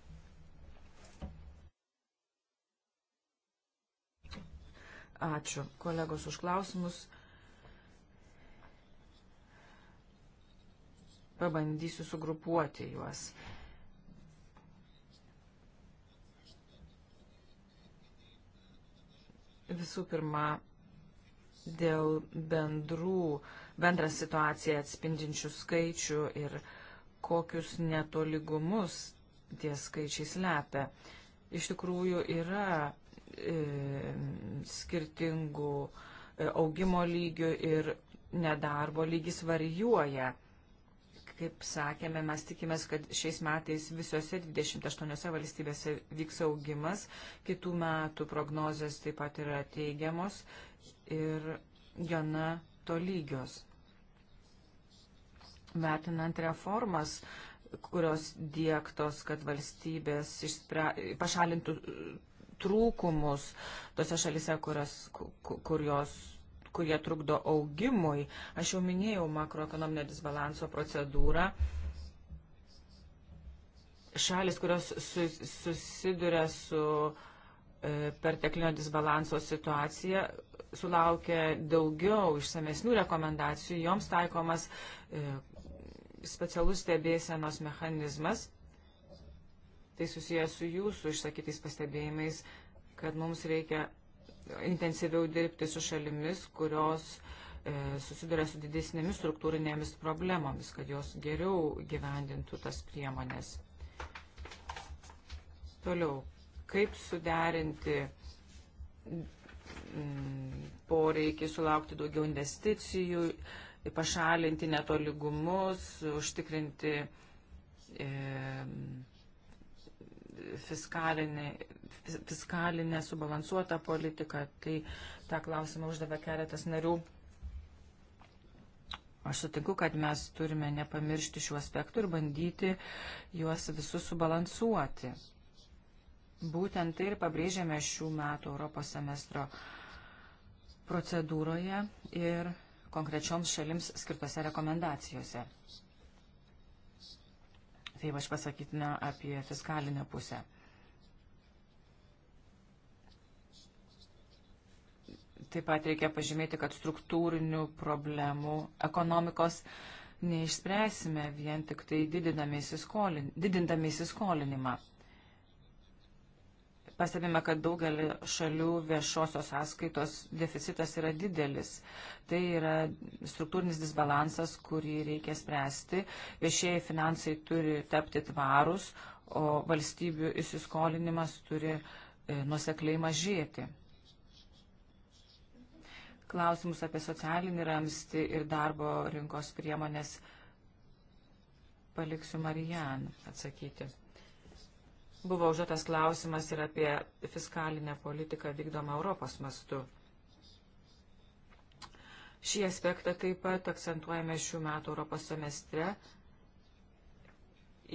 Ačiū kolegos už klausimus. Pabandysiu sugrupuoti juos. Visų pirma, dėl bendrų, bendrą situaciją atspindinčių skaičių ir kokius netoligumus tie skaičiai slepia. Iš tikrųjų yra e, skirtingų e, augimo lygių ir nedarbo lygis varijuoja. Kaip sakėme, mes tikimės, kad šiais metais visose 28 valstybėse vyks augimas, kitų metų prognozės taip pat yra teigiamos ir gana tolygios. Vertinant reformas, kurios dėktos, kad valstybės išspre... pašalintų trūkumus tose šalise, kurios, kur jos kurie trukdo augimui. Aš jau minėjau makroekonominio disbalanso procedūrą. Šalis, kurios susiduria su e, perteklinio disbalanso situacija, sulaukia daugiau išsamesnių rekomendacijų, joms taikomas e, specialus stebėsenos mechanizmas. Tai susijęs su jūsų išsakytais pastebėjimais, kad mums reikia intensyviau dirbti su šalimis, kurios e, susiduria su didesnėmis struktūrinėmis problemomis, kad jos geriau gyvendintų tas priemonės. Toliau, kaip suderinti mm, poreikį sulaukti daugiau investicijų, pašalinti netoligumus, užtikrinti e, fiskalinį fiskalinę subalansuotą politiką. Tai tą klausimą uždavė keletas narių. Aš sutinku, kad mes turime nepamiršti šių aspektų ir bandyti juos visus subalansuoti. Būtent tai ir pabrėžėme šių metų Europos semestro procedūroje ir konkrečioms šalims skirtose rekomendacijose. Tai aš pasakytina apie fiskalinę pusę. Taip pat reikia pažymėti, kad struktūrinių problemų ekonomikos neišspręsime vien tik tai didindami įsiskolinimą. Pastebime, kad daugelį šalių viešosios sąskaitos deficitas yra didelis. Tai yra struktūrinis disbalansas, kurį reikia spręsti. Viešieji finansai turi tapti tvarus, o valstybių įsiskolinimas turi e, nusekliai mažėti klausimus apie socialinį ramstį ir darbo rinkos priemonės paliksiu Marijan atsakyti. Buvo užduotas klausimas ir apie fiskalinę politiką vykdomą Europos mastu. Šį aspektą taip pat akcentuojame šių metų Europos semestre,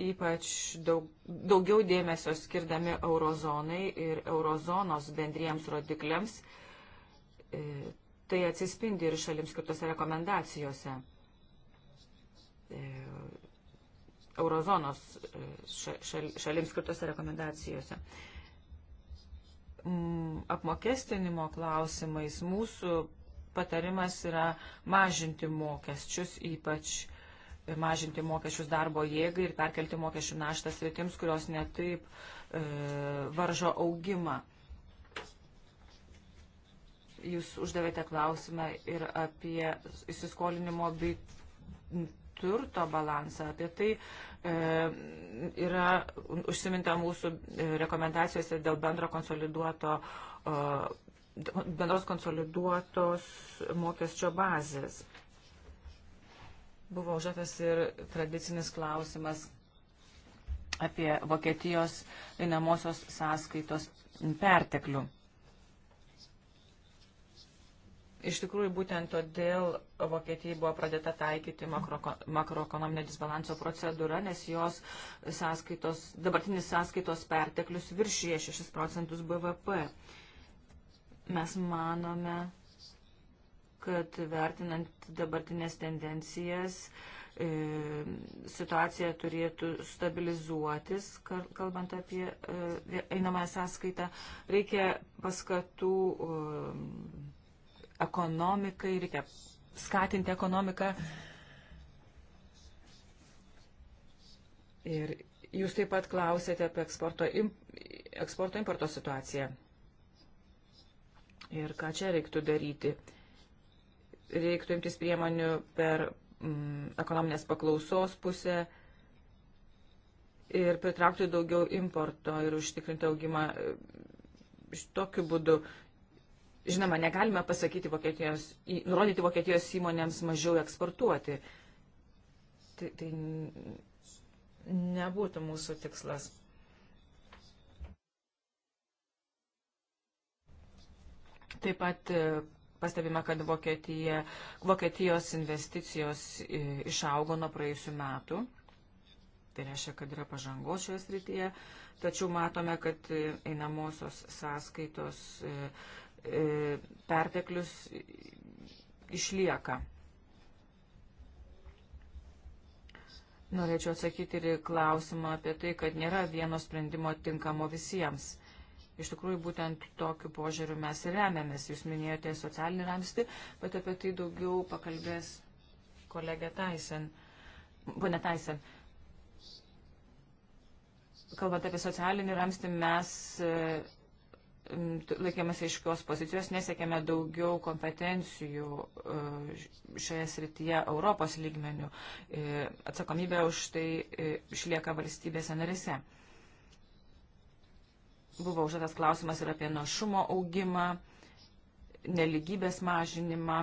ypač daug, daugiau dėmesio skirdami eurozonai ir eurozonos bendriems rodikliams, e, Tai atsispindi ir šalims skirtose rekomendacijose. E, eurozonos e, šalims skirtose rekomendacijose. Mm, apmokestinimo klausimais mūsų patarimas yra mažinti mokesčius, ypač mažinti mokesčius darbo jėgai ir perkelti mokesčių naštą svetims, kurios netaip e, varžo augimą. E, Jūs uždavėte klausimą ir apie įsiskolinimo bei turto balansą. Apie tai e, yra užsiminta mūsų e, rekomendacijose dėl bendro konsoliduoto, e, bendros konsoliduotos mokesčio bazės. Buvo užduotas ir tradicinis klausimas apie Vokietijos einamosios sąskaitos perteklių. Iš tikrųjų, būtent todėl Vokietijai buvo pradėta taikyti makro, makroekonominio disbalanso procedūra, nes jos sąskaitos, dabartinis sąskaitos perteklius viršyje 6 procentus BVP. Mes manome, kad vertinant dabartinės tendencijas, e, situacija turėtų stabilizuotis, kalbant apie e, einamąją sąskaitą. Reikia paskatų. E, ekonomikai, reikia skatinti ekonomiką. Ir jūs taip pat klausėte apie eksporto, eksporto importo situaciją. Ir ką čia reiktų daryti? Reiktų imtis priemonių per mm, ekonominės paklausos pusę ir pritraukti daugiau importo ir užtikrinti augimą e, tokiu būdu Žinoma, negalime pasakyti Vokietijos, nurodyti Vokietijos įmonėms mažiau eksportuoti. Tai, tai nebūtų mūsų tikslas. Taip pat e, pastebime, kad Vokietija, Vokietijos investicijos e, išaugo nuo praėjusių metų. Tai reiškia, kad yra pažangos šioje srityje. Tačiau matome, kad e, einamosios sąskaitos E, perteklius išlieka. Norėčiau atsakyti ir klausimą apie tai, kad nėra vieno sprendimo tinkamo visiems. Iš tikrųjų, būtent tokiu požiūriu mes ir remiamės. Jūs minėjote socialinį ramstį, bet apie tai daugiau pakalbės kolegė Taisen. Pone Taisen, kalbant apie socialinį ramstį, mes e, Mm, laikėmės aiškios pozicijos, nesiekėme daugiau kompetencijų e, šioje srityje Europos lygmenių. E, atsakomybė už tai e, išlieka valstybėse narise. Buvo užduotas klausimas ir apie našumo augimą, neligybės mažinimą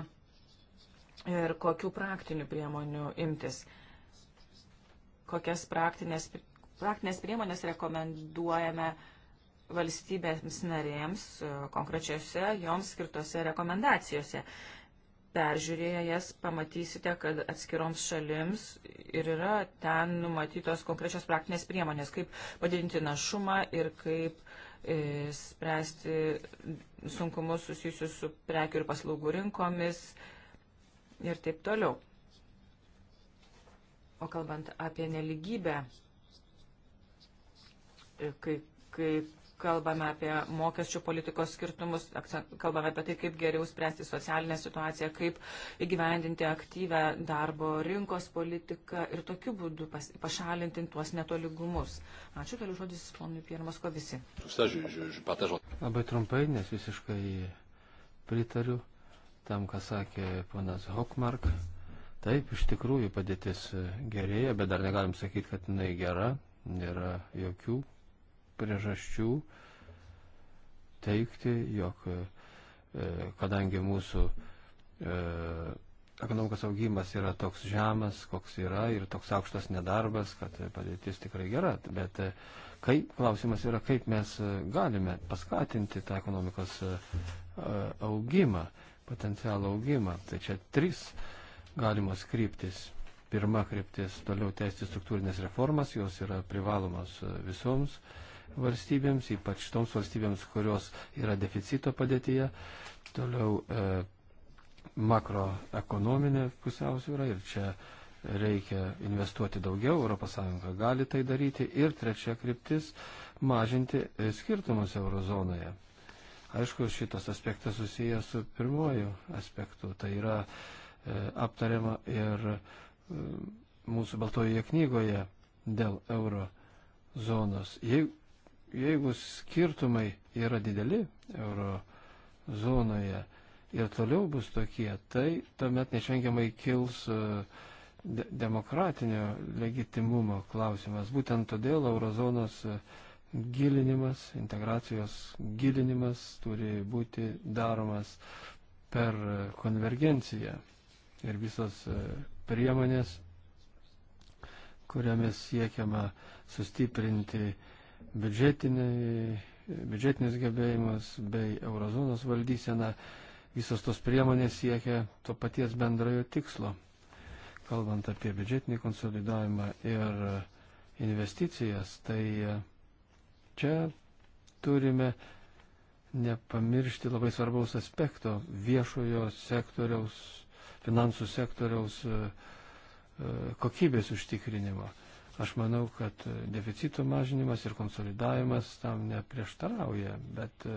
ir kokių praktinių priemonių imtis. Kokias praktinės, praktinės priemonės rekomenduojame uh, valstybėms narėms e, konkrečiose joms skirtose rekomendacijose. Peržiūrėję jas pamatysite, kad atskiroms šalims ir yra ten numatytos konkrečios praktinės priemonės, kaip padidinti našumą ir kaip e, spręsti sunkumus susijusius su prekių ir paslaugų rinkomis ir taip toliau. O kalbant apie neligybę, e, kai, kai kalbame apie mokesčių politikos skirtumus, kalbame apie tai, kaip geriau spręsti socialinę situaciją, kaip įgyvendinti aktyvę darbo rinkos politiką ir tokiu būdu pas, pašalinti tuos netoligumus. Ačiū, toliau žodis ponui Piermas Kovisi. Labai trumpai, nes visiškai pritariu tam, ką sakė ponas Hokmark. Taip, iš tikrųjų padėtis gerėja, bet dar negalim sakyti, kad jinai gera. Nėra jokių priežasčių teikti, jog e, kadangi mūsų e, ekonomikos augimas yra toks žemas, koks yra ir toks aukštas nedarbas, kad padėtis tikrai gera. Bet e, kaip, klausimas yra, kaip mes galime paskatinti tą ekonomikos augimą, potencialą augimą. Tai čia trys galimos kryptis. Pirma kryptis - toliau tęsti struktūrinės reformas, jos yra privalomos visoms valstybėms, ypač toms valstybėms, kurios yra deficito padėtyje. Toliau e, makroekonominė pusiausvyrą ir čia reikia investuoti daugiau, ES gali tai daryti. Ir trečia kryptis - mažinti skirtumus eurozonoje. Aišku, šitas aspektas susijęs su pirmoju aspektu. Tai yra e, aptariama ir e, mūsų baltojoje knygoje dėl euro zonos. Jeigu jeigu skirtumai yra dideli euro zonoje ir toliau bus tokie, tai tuomet neišvengiamai kils e, de demokratinio legitimumo klausimas. Būtent todėl eurozonos e, gilinimas, integracijos gilinimas turi būti daromas per e, konvergenciją ir visos priemonės, kuriamis siekiama sustiprinti uh, biudžetinis gebėjimas bei eurozonos valdysena, visos tos priemonės siekia to paties bendrojo tikslo. Kalbant apie biudžetinį konsolidavimą ir investicijas, tai čia turime nepamiršti labai svarbaus aspekto viešojo sektoriaus, finansų sektoriaus e, e, kokybės užtikrinimo. Aš manau, kad deficito mažinimas ir konsolidavimas tam neprieštarauja, bet e,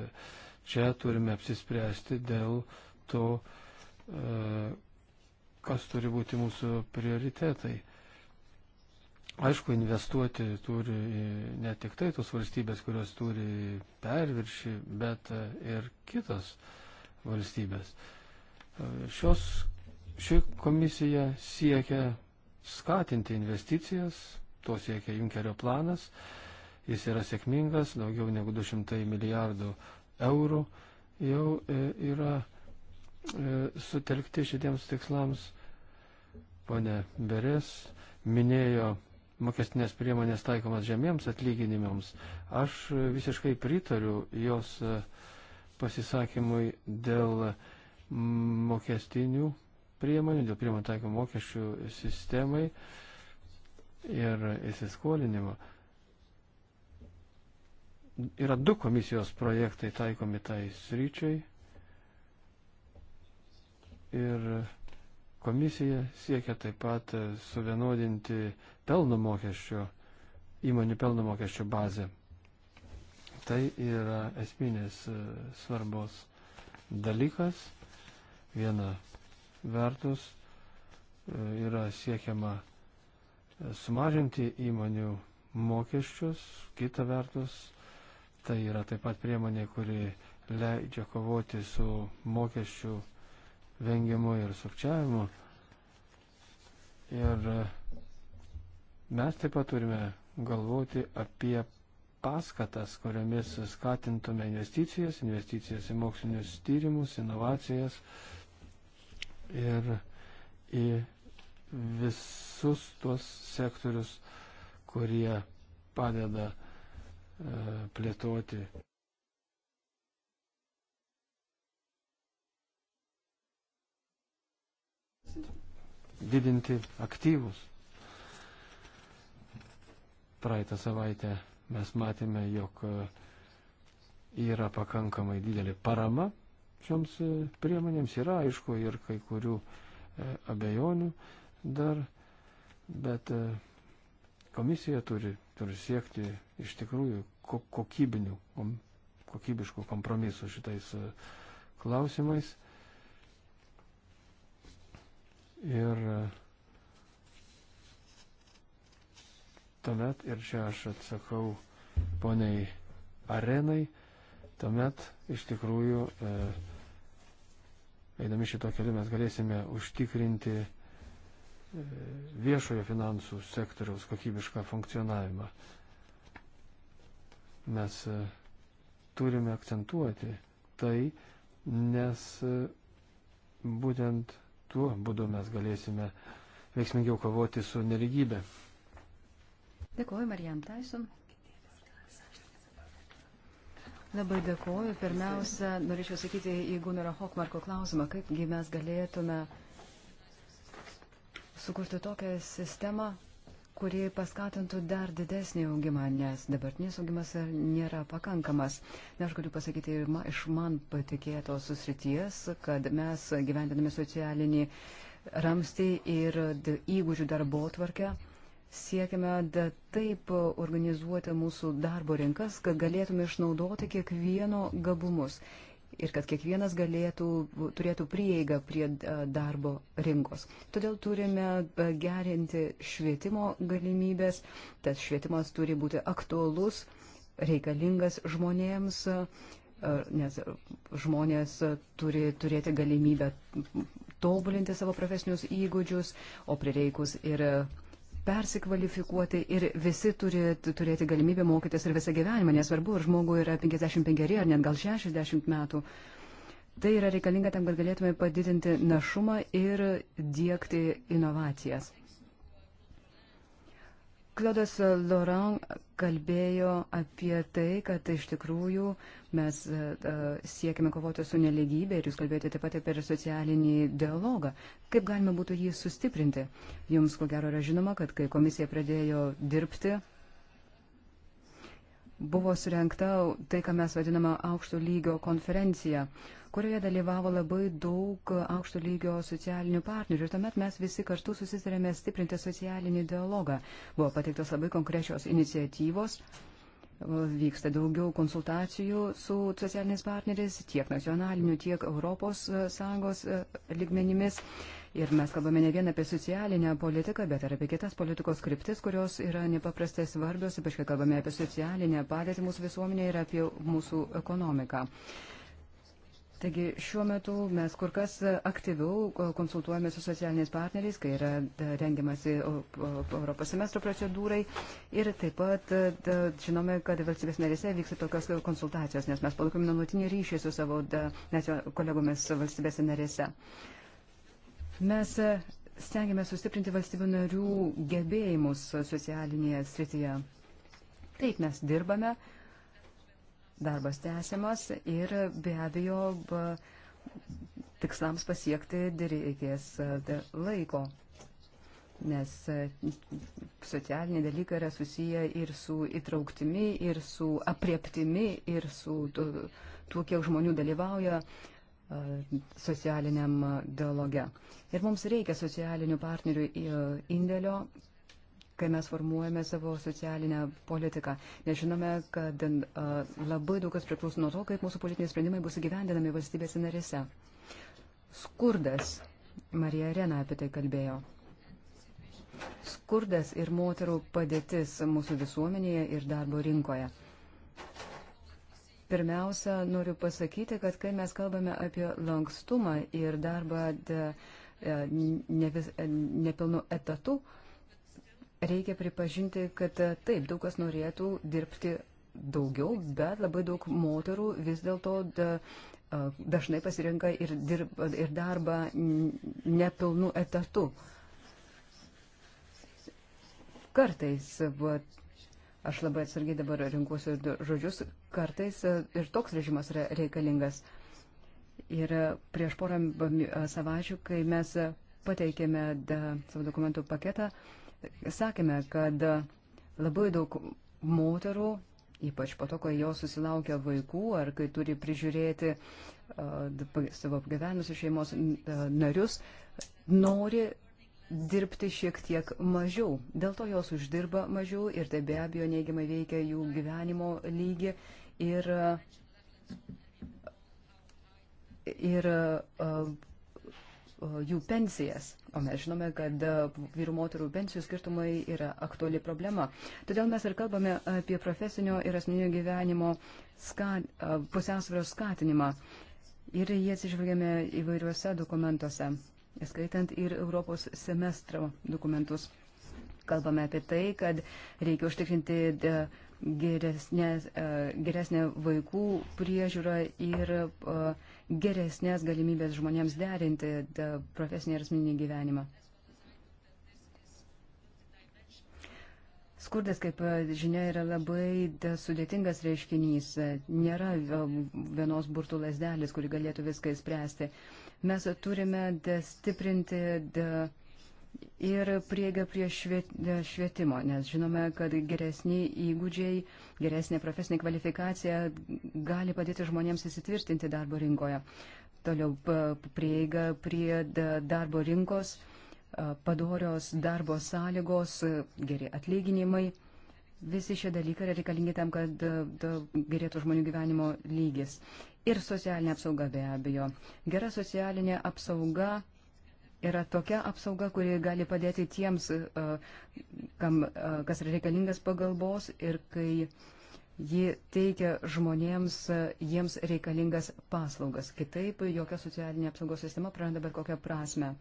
čia turime apsispręsti dėl to, e, kas turi būti mūsų prioritetai. Aišku, investuoti turi ne tik tai tos valstybės, kurios turi perviršį, bet e, ir kitos valstybės. Šios, ši komisija siekia skatinti investicijas, to siekia Junkerio planas. Jis yra sėkmingas, daugiau negu 200 milijardų eurų jau e, yra e, sutelkti šitiems tikslams. Pone Beres minėjo mokestinės priemonės taikomas žemiems atlyginimams. Aš visiškai pritariu jos e, pasisakymui dėl mokestinių priemonių, dėl priemonių taikomų mokesčių sistemai. E, ir įsiskolinimo. Yra du komisijos projektai taikomi tai sryčiai ir komisija siekia taip pat suvienodinti pelno mokesčio, įmonių pelno mokesčio bazę. Tai yra esminės e, svarbos dalykas. Viena vertus e, yra siekiama sumažinti įmonių mokesčius, kita vertus, tai yra taip pat priemonė, kuri leidžia kovoti su mokesčių vengimu ir sukčiavimu. Ir e, mes taip pat turime galvoti apie paskatas, kuriomis skatintume investicijas, investicijas į mokslinius tyrimus, inovacijas ir į visus tuos sektorius, kurie padeda e, plėtoti. Didinti aktyvus. Praeitą savaitę mes matėme, jog e, yra pakankamai didelė parama šioms e, priemonėms. Yra aišku ir kai kurių abejonių dar, bet e, komisija turi, turi siekti iš tikrųjų kokybinių, kokybiškų kompromisų šitais e, klausimais. Ir e, tuomet, ir čia aš atsakau poniai arenai, tuomet iš tikrųjų, eidami šito keliu, mes galėsime užtikrinti viešojo finansų sektoriaus kokybišką funkcionavimą. Mes e, turime akcentuoti tai, nes e, būtent tuo būdu mes galėsime veiksmingiau kovoti su neligybė. Dėkuoju, Marijam Taisom. Labai dėkuoju. Pirmiausia, norėčiau sakyti į Gunaro Hokmarko klausimą, kaipgi mes galėtume uh, sukurti tokią sistemą, kuri paskatintų dar didesnį augimą, nes dabartinis augimas nėra pakankamas. Na, aš galiu pasakyti ir ma, iš man patikėtos susrities, kad mes gyvendinami socialinį ramstį ir įgūdžių darbo tvarkę siekiame taip organizuoti mūsų darbo rinkas, kad galėtume išnaudoti kiekvieno gabumus ir kad kiekvienas galėtų, turėtų prieigą prie darbo rinkos. Todėl turime gerinti švietimo galimybės, tas švietimas turi būti aktuolus, reikalingas žmonėms, nes žmonės turi turėti galimybę tobulinti savo profesinius įgūdžius, o prireikus ir persikvalifikuoti ir visi turi turėti galimybę mokytis ir visą gyvenimą, nesvarbu, ar žmogui yra 55 ar net gal 60 metų. Tai yra reikalinga tam, kad galėtume padidinti našumą ir dėkti inovacijas. Klodas Laurent kalbėjo apie tai, kad iš tikrųjų mes e, e, siekime kovoti su neligybė ir jūs kalbėjote taip pat apie socialinį dialogą. Kaip galima būtų jį sustiprinti? Jums ko gero yra žinoma, kad kai komisija pradėjo dirbti, buvo surenkta tai, ką mes vadiname aukšto lygio konferencija, kurioje dalyvavo labai daug aukšto lygio socialinių partnerių. Ir tuomet mes visi kartu susitarėme stiprinti socialinį dialogą. Buvo pateiktos labai konkrečios iniciatyvos. Vyksta daugiau konsultacijų su socialiniais partneriais, tiek nacionaliniu, tiek ES e, e, lygmenimis. Ir mes kalbame ne vien apie socialinę politiką, bet ir apie kitas politikos kryptis, kurios yra nepaprastai svarbios, ypač kai kalbame apie socialinę padėtį mūsų visuomenėje ir apie mūsų ekonomiką. Taigi šiuo metu mes kur kas aktyviau konsultuojame su socialiniais partneriais, kai yra rengiamasi Europos semestro procedūrai ir taip pat da, žinome, kad valstybės narėse vyksta tokios konsultacijos, nes mes palaikome nuolatinį ryšį su savo da, kolegomis valstybėse narėse. Mes stengiamės sustiprinti valstybių narių gebėjimus socialinėje srityje. Taip mes dirbame, uh, Darbas tęsiamas ir be abejo ba, tikslams pasiekti reikės e, laiko, nes e, socialiniai dalykai yra susiję ir su įtrauktimi, ir su aprieptimi, ir su tuo, kiek žmonių dalyvauja e, socialiniam dialoge. Ir mums reikia socialinių partnerių indėlio, kai mes formuojame savo socialinę politiką. Nes žinome, kad labai daug kas priklauso nuo to, kaip mūsų politiniai sprendimai bus įgyvendinami valstybėse narėse. Skurdas. Marija Arena apie tai kalbėjo. Skurdas ir moterų padėtis mūsų visuomenėje ir darbo rinkoje. Pirmiausia, noriu pasakyti, kad kai mes kalbame apie lankstumą ir darbą de, ne vis, e, nepilnu etatu, reikia pripažinti, kad e, taip, daug kas norėtų dirbti daugiau, bet labai daug moterų vis dėlto da, e, dažnai pasirinka ir, dirb, ir darbą nepilnu etatu. Kartais, va, aš labai atsargiai dabar rinkuosiu žodžius, kartais e, ir toks režimas yra reikalingas. Ir prieš porą savaičių, kai mes pateikėme da, savo dokumentų paketą, uh, sakėme, kad labai daug moterų, ypač po to, kai jos susilaukia vaikų ar kai turi prižiūrėti uh, savo gyvenusius šeimos uh, narius, nori dirbti šiek tiek mažiau. Dėl to jos uždirba mažiau ir tai be abejo neigiamai veikia jų gyvenimo lygį ir, ir uh, jų pensijas. O mes žinome, kad e, vyrų moterų pensijų skirtumai yra aktuali problema. Todėl mes ir kalbame apie profesinio ir asmeninio gyvenimo skat, e, pusiausvėros skatinimą. Ir jie atsižvelgiame įvairiuose dokumentuose, skaitant ir Europos semestro dokumentus. Kalbame apie tai, kad reikia užtikrinti e, geresnę, geresnę vaikų priežiūrą ir uh, geresnės galimybės žmonėms derinti profesinį ir asmeninį gyvenimą. Skurdas, kaip žinia, yra labai sudėtingas reiškinys. Nėra vienos burtų lasdelės, kuri galėtų viską įspręsti. Mes turime stiprinti. De, ir prieiga prie e, švietimo, nes žinome, kad geresni įgūdžiai, geresnė profesinė kvalifikacija gali padėti žmonėms įsitvirtinti darbo rinkoje. Toliau prieiga prie darbo rinkos, e, padorios darbo sąlygos, geri atlyginimai. Visi šie dalykai yra reikalingi tam, kad gerėtų žmonių gyvenimo lygis. Ir socialinė apsauga be abejo. Gera socialinė apsauga yra tokia apsauga, kuri gali padėti tiems, kam, kas yra reikalingas pagalbos ir kai ji teikia žmonėms jiems reikalingas paslaugas. Kitaip jokia socialinė apsaugos sistema praranda bet kokią prasme.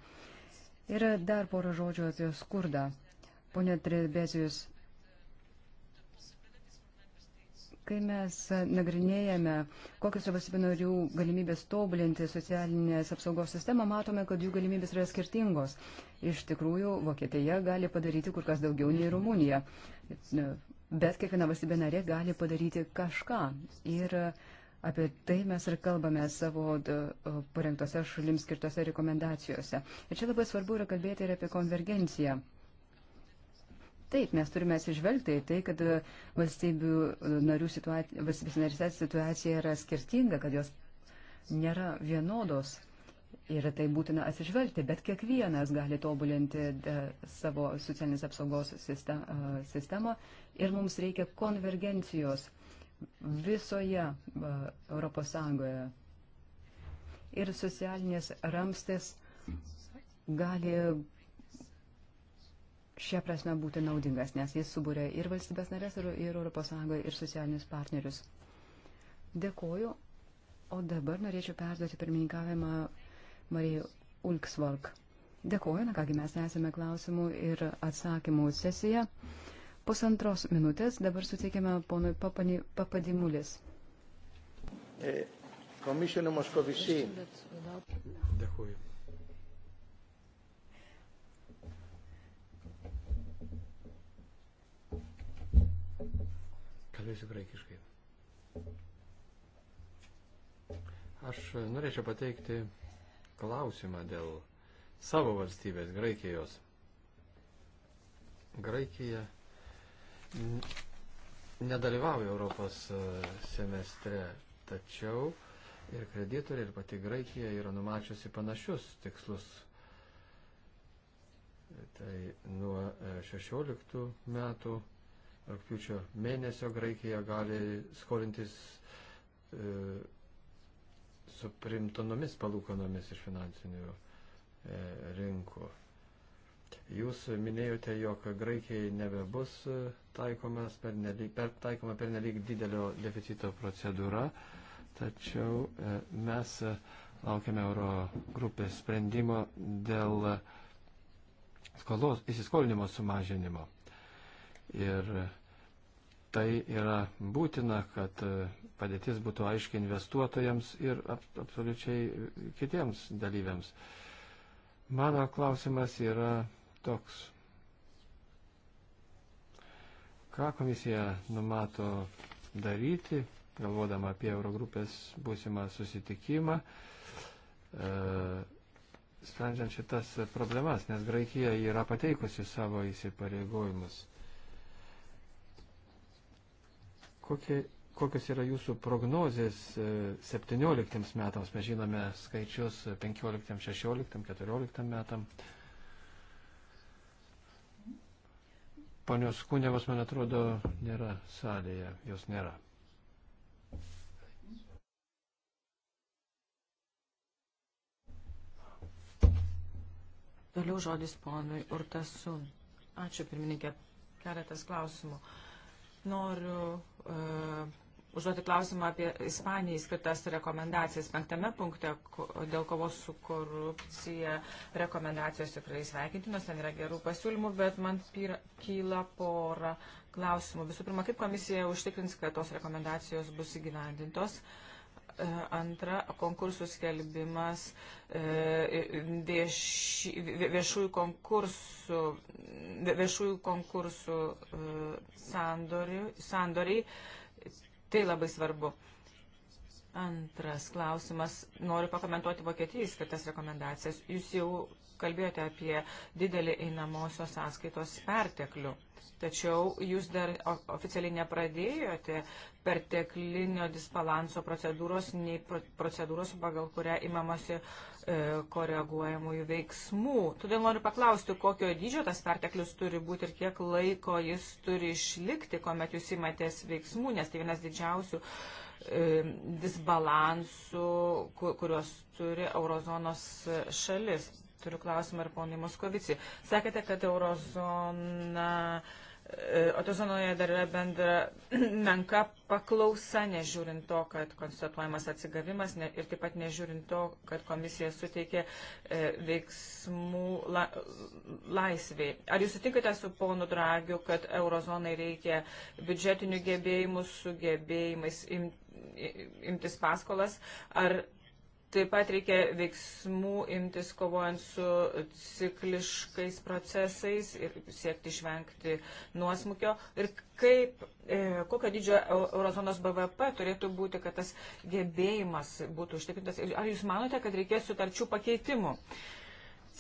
Ir dar porą žodžių apie skurdą. Pone Trebezijus Kai mes nagrinėjame, kokios yra valstybių narių galimybės tobulinti socialinės apsaugos sistemą, matome, kad jų galimybės yra skirtingos. Iš tikrųjų, Vokietija gali padaryti kur kas daugiau nei Rumunija. Bet kiekviena valstybė narė gali padaryti kažką. Ir apie tai mes ir kalbame savo parengtose šalims skirtose rekomendacijose. Ir čia labai svarbu yra kalbėti ir apie konvergenciją. Taip, mes turime atsižvelgti į tai, kad valstybių narių situacija, valstybės narysė situacija yra skirtinga, kad jos nėra vienodos. Ir tai būtina atsižvelgti, bet kiekvienas gali tobulinti e, savo socialinės apsaugos e, sistemą ir mums reikia konvergencijos visoje e, Europos Sąjungoje. Ir socialinės ramstis gali šią prasme būti naudingas, nes jis subūrė ir valstybės narės, ir, ir ES, ir socialinius partnerius. Dėkoju, o dabar norėčiau perduoti pirmininkavimą Marijai Ulksvalk. Dėkoju, na kągi mes esame klausimų ir atsakymų sesiją. Pusantros minutės dabar suteikėme ponui Papani, Papadimulis. E, Dėkoju. kalbėsiu graikiškai. Aš norėčiau pateikti klausimą dėl savo valstybės, Graikijos. Graikija nedalyvauja Europos e, semestre, tačiau ir kreditoriai, ir pati Graikija yra numačiusi panašius tikslus. Tai nuo 16 e, metų rūpiučio mėnesio Graikija gali skolintis e, su primtonomis palūkanomis iš finansinių e, rinkų. Jūs minėjote, jog Graikijai nebebus e, taikoma per nelyg, per, taikoma per nelyg didelio deficito procedūra, tačiau e, mes e, laukiame Euro grupės sprendimo dėl skolos įsiskolinimo sumažinimo. Ir tai yra būtina, kad padėtis būtų aiškiai investuotojams ir absoliučiai kitiems dalyviams. Mano klausimas yra toks. Ką komisija numato daryti, galvodama apie Eurogrupės būsimą susitikimą, e, sprendžiant šitas problemas, nes Graikija yra pateikusi savo įsipareigojimus. kokie, kokios yra jūsų prognozės 17 e, metams. Mes žinome skaičius 15, 16, 14 metam. Ponios Kūnevas, man atrodo, nėra salėje, jos nėra. Toliau žodis ponui Urtasun. Ačiū, pirmininkė. Keletas klausimų. Uh, Noriu uh, užduoti klausimą apie Ispanijai skirtas rekomendacijas. Penktame punkte dėl kovos su korupcija rekomendacijos tikrai sveikintinos, ten yra gerų pasiūlymų, bet man pyra, kyla pora klausimų. Visų pirma, kaip komisija užtikrins, kad tos rekomendacijos bus įgyvendintos? Uh, E, antra, konkursų skelbimas e, vieš, viešųjų konkursų, viešųjų konkursų e, sandoriai. Tai labai svarbu. Antras klausimas. Noriu pakomentuoti Vokietijai skirtas rekomendacijas. Jūs jau kalbėjote apie didelį einamosios sąskaitos perteklių. Tačiau jūs dar oficialiai nepradėjote perteklinio disbalanso procedūros, nei procedūros, pagal kurią imamasi e, koreguojamųjų veiksmų. Todėl noriu paklausti, kokio dydžio tas perteklius turi būti ir kiek laiko jis turi išlikti, kuomet jūs imatės veiksmų, nes tai vienas didžiausių e, disbalansų, kuriuos turi eurozonos šalis. Turiu klausimą ir ponai Moskovici. Sakėte, kad eurozona, eurozonoje dar yra bendra menka paklausa, nežiūrint to, kad konstatuojamas atsigavimas ne, ir taip pat nežiūrint to, kad komisija suteikė e, veiksmų la, laisviai. Ar jūs sutinkate su ponu Dragiu, kad eurozonai reikia biudžetinių gebėjimų, sugebėjimais imti? imtis paskolas, ar Taip pat reikia veiksmų imtis kovojant su cikliškais procesais ir siekti išvengti nuosmukio. Ir kaip, e, kokio didžio eurozonos BVP turėtų būti, kad tas gebėjimas būtų užtikrintas. Ar jūs manote, kad reikės sutarčių pakeitimų?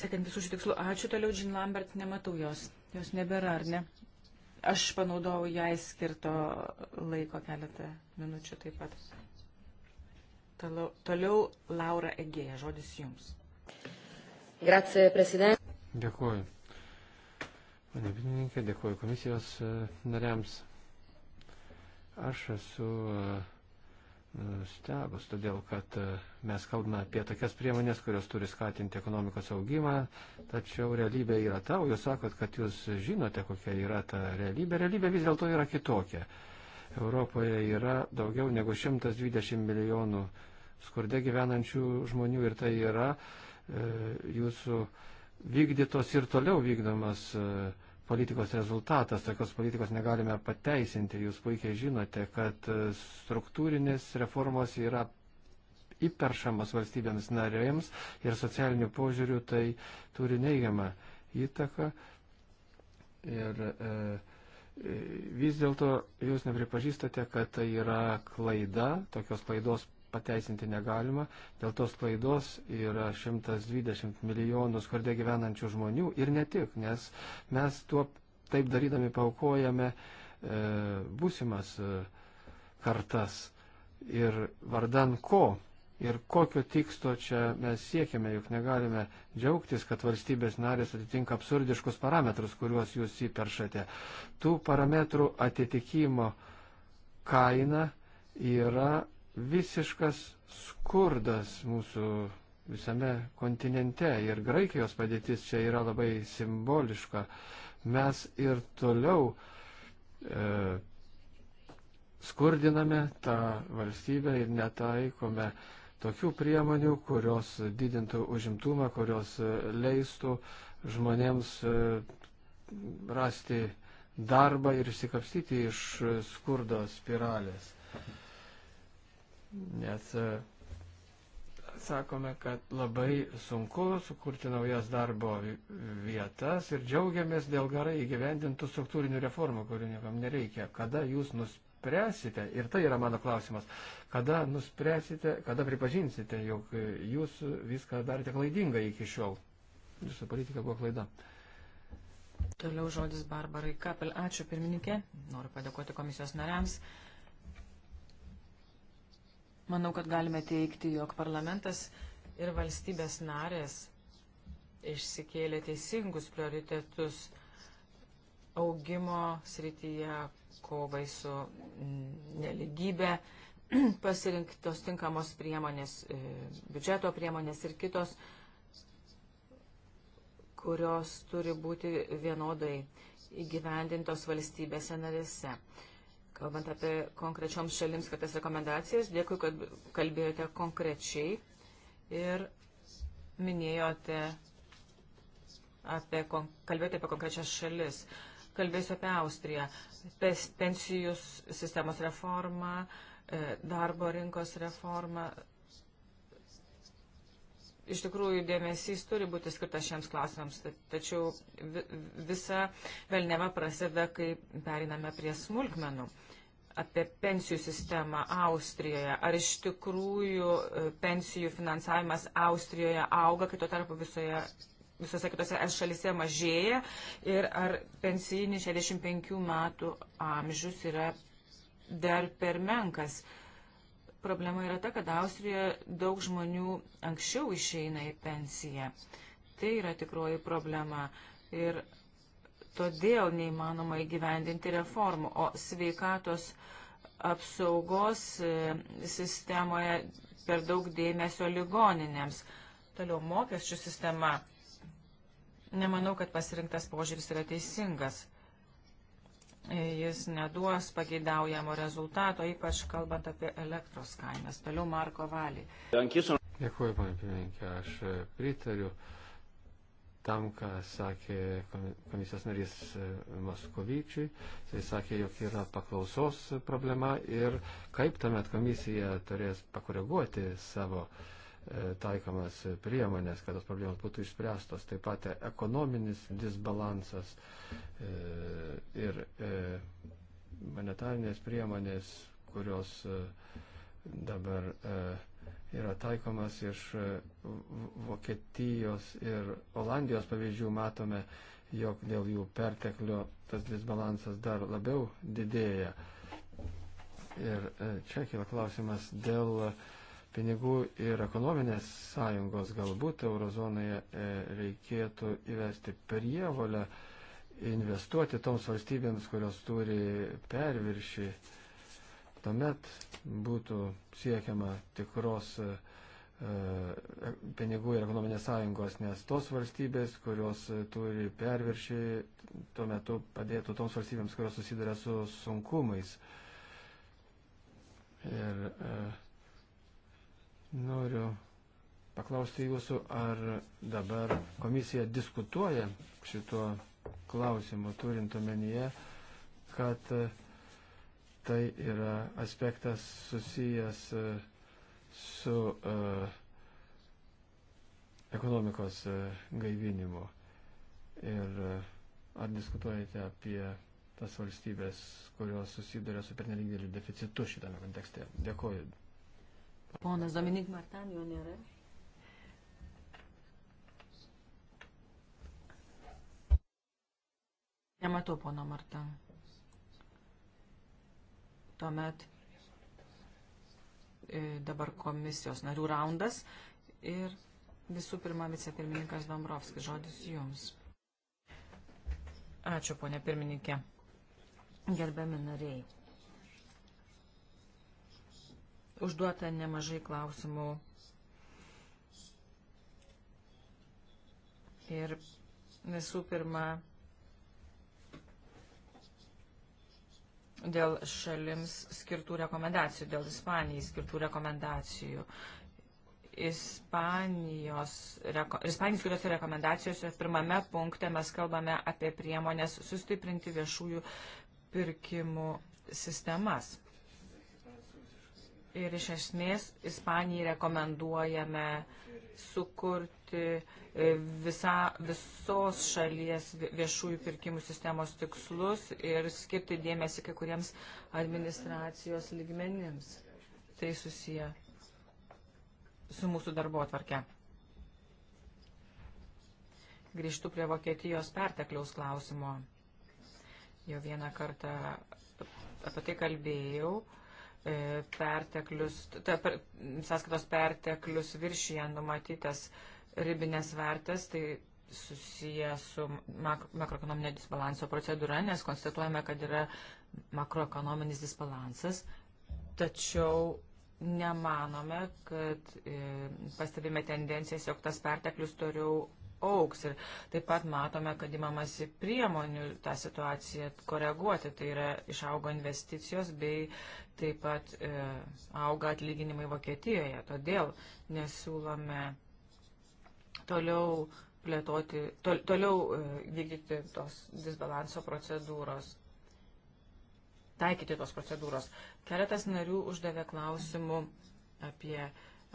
Sekant visų šių tikslų, ačiū toliau, Jean Lambert, nematau jos. Jos nebėra, ar ne? Aš panaudojau jai skirto laiko keletą minučių taip pat. Toliau, toliau Laura Egėja, žodis jums. Grazie, prezident. Dėkuoju. Pane pirmininkė, dėkuoju komisijos e, nariams. Aš esu e, stebus, todėl kad e, mes kalbame apie tokias priemonės, kurios turi skatinti ekonomikos augimą, tačiau realybė yra ta, o jūs sakot, kad jūs žinote, kokia yra ta realybė. Realybė vis dėlto yra kitokia. Europoje yra daugiau negu 120 milijonų skurde gyvenančių žmonių ir tai yra e, jūsų vykdytos ir toliau vykdomas e, politikos rezultatas. Tokios politikos negalime pateisinti. Jūs puikiai žinote, kad e, struktūrinės reformos yra įperšamas valstybėms narėms ir socialinių požiūrių tai turi neigiamą įtaką. Ir e, Vis dėlto jūs nepripažįstate, kad tai yra klaida, tokios klaidos pateisinti negalima, dėl tos klaidos yra 120 milijonų skurde gyvenančių žmonių ir ne tik, nes mes tuo taip darydami paukojame e, būsimas e, kartas ir vardan ko ir kokio tikslo čia mes siekiame, juk negalime džiaugtis, kad valstybės narės atitinka absurdiškus parametrus, kuriuos jūs įperšate. Tų parametrų atitikimo kaina yra visiškas skurdas mūsų visame kontinente ir Graikijos padėtis čia yra labai simboliška. Mes ir toliau e, skurdiname tą valstybę ir netaikome e, tokių priemonių, kurios didintų užimtumą, kurios leistų žmonėms e, rasti darbą ir išsikapstyti iš skurdo spiralės. Nes e, sakome, kad labai sunku sukurti naujas darbo vietas ir džiaugiamės dėl gerai įgyvendintų struktūrinių reformų, kurių niekam nereikia. Kada jūs nus, nuspręsite, ir tai yra mano klausimas, kada nuspręsite, kada pripažinsite, jog jūs viską darėte klaidingai iki šiol. Jūsų politika buvo klaida. Toliau žodis Barbarai Kapel. Ačiū pirmininkė. Noriu padėkoti komisijos nariams. Manau, kad galime teikti, jog parlamentas ir valstybės narės išsikėlė teisingus prioritetus augimo srityje, kovai su neligybė, pasirinktos tinkamos priemonės, e, biudžeto priemonės ir kitos, kurios turi būti vienodai įgyvendintos valstybėse narėse. Kalbant apie konkrečioms šalims skirtas rekomendacijas, dėkui, kad kalbėjote konkrečiai ir minėjote apie, kalbėjote apie konkrečias šalis. Kalbėsiu apie Austriją. Pensijų sistemos reforma, e, darbo rinkos reforma. Iš tikrųjų, dėmesys turi būti skirtas šiems klausimams, tačiau visa velneva prasideda, kai periname prie smulkmenų apie pensijų sistemą Austrijoje. Ar iš tikrųjų e, pensijų finansavimas Austrijoje auga, kai tuo tarpu visoje visose kitose es šalise mažėja ir ar pensijinis 65 metų amžius yra dar per menkas. Problema yra ta, kad Austrijoje daug žmonių anksčiau išeina į pensiją. Tai yra tikroji problema. Ir todėl neįmanoma įgyvendinti reformų. O sveikatos apsaugos e, sistemoje per daug dėmesio ligoninėms. Toliau mokesčių sistema Nemanau, kad pasirinktas požiūris yra teisingas. Jis neduos pageidaujamo rezultato, ypač kalbant apie elektros kainas. Toliau Marko Valį. Dėkuoju, panė pirmininkė, aš pritariu tam, ką sakė komisijos narys Moskovyčiui. Jis sakė, jog yra paklausos problema ir kaip tuomet komisija turės pakoreguoti savo uh, E, taikomas priemonės, kad tos problemos būtų išspręstos. Taip pat ekonominis disbalansas e, ir e, monetarnės priemonės, kurios dabar yra taikomas iš Vokietijos ir Olandijos pavyzdžių, matome, jog dėl jų perteklio tas disbalansas dar labiau didėja. Ir čia kyla klausimas dėl uh, pinigų ir ekonominės sąjungos galbūt eurozonoje e, reikėtų įvesti prievolę investuoti toms valstybėms, kurios turi perviršį. Tuomet būtų siekiama tikros e, e, pinigų ir ekonominės sąjungos, nes tos valstybės, kurios turi perviršį, tuo metu padėtų toms valstybėms, kurios susiduria su sunkumais. Ir uh, Noriu paklausti jūsų, ar dabar komisija diskutuoja šituo klausimu, turint omenyje, kad e, tai yra aspektas susijęs e, su uh, ekonomikos gaivinimu. Ir ar diskutuojate apie tas valstybės, kurios susiduria su pernelyg dideliu deficitu šitame kontekste? Dėkuoju. Ponas Dominik Martan jo nėra. Nematau pono Martan. Tuomet e, dabar komisijos narių raundas ir visų pirma vicepirmininkas Dombrovskis. Žodis jums. Ačiū, ponė pirmininkė. Gerbiami nariai. Užduota nemažai klausimų. Ir visų pirma, dėl šalims skirtų rekomendacijų, dėl Ispanijai skirtų rekomendacijų. Ispanijos, reko, Ispanijos skirtose rekomendacijose pirmame punkte mes kalbame apie priemonės sustiprinti viešųjų pirkimų sistemas. Ir iš esmės Ispanijai rekomenduojame sukurti e, visa, visos šalies viešųjų pirkimų sistemos tikslus ir skirti dėmesį kai kuriems administracijos lygmenims. Tai susiję su mūsų darbo atvarke. Grįžtu prie Vokietijos pertekliaus klausimo. Jau vieną kartą apie tai kalbėjau. E, perteklius, ta, per, sąskaitos perteklius viršyje numatytas ribinės vertės, tai susiję su mak makroekonominio disbalanso procedūra, nes konstatuojame, kad yra makroekonominis disbalansas, tačiau nemanome, kad e, pastebime tendencijas, jog tas perteklius toliau auks. Ir taip pat matome, kad įmamasi priemonių tą situaciją koreguoti. Tai yra išaugo investicijos bei taip pat e, auga atlyginimai Vokietijoje. Todėl nesiūlome toliau plėtoti, tol, toliau e, vykdyti tos disbalanso procedūros taikyti tos procedūros. Keletas narių uždavė klausimų apie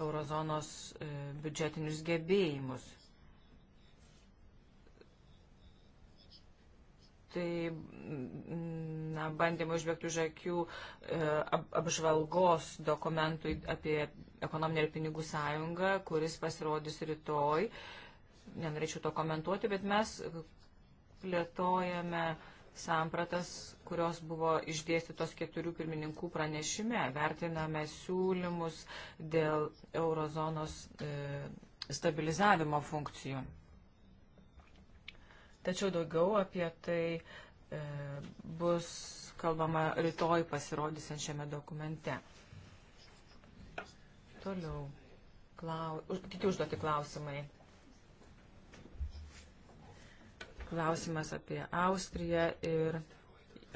eurozonos e, biudžetinius gebėjimus. tai na, bandėme užbėgti už akių e, apžvalgos dokumentui apie ekonominę ir pinigų sąjungą, kuris pasirodys rytoj. Nenorėčiau to komentuoti, bet mes plėtojame sampratas, kurios buvo išdėstytos keturių pirmininkų pranešime. Vertiname siūlymus dėl eurozonos e, stabilizavimo funkcijų. Tačiau daugiau apie tai e, bus kalbama rytoj pasirodysiant šiame dokumente. Toliau. Klau... Kiti užduoti klausimai. Klausimas apie Austriją ir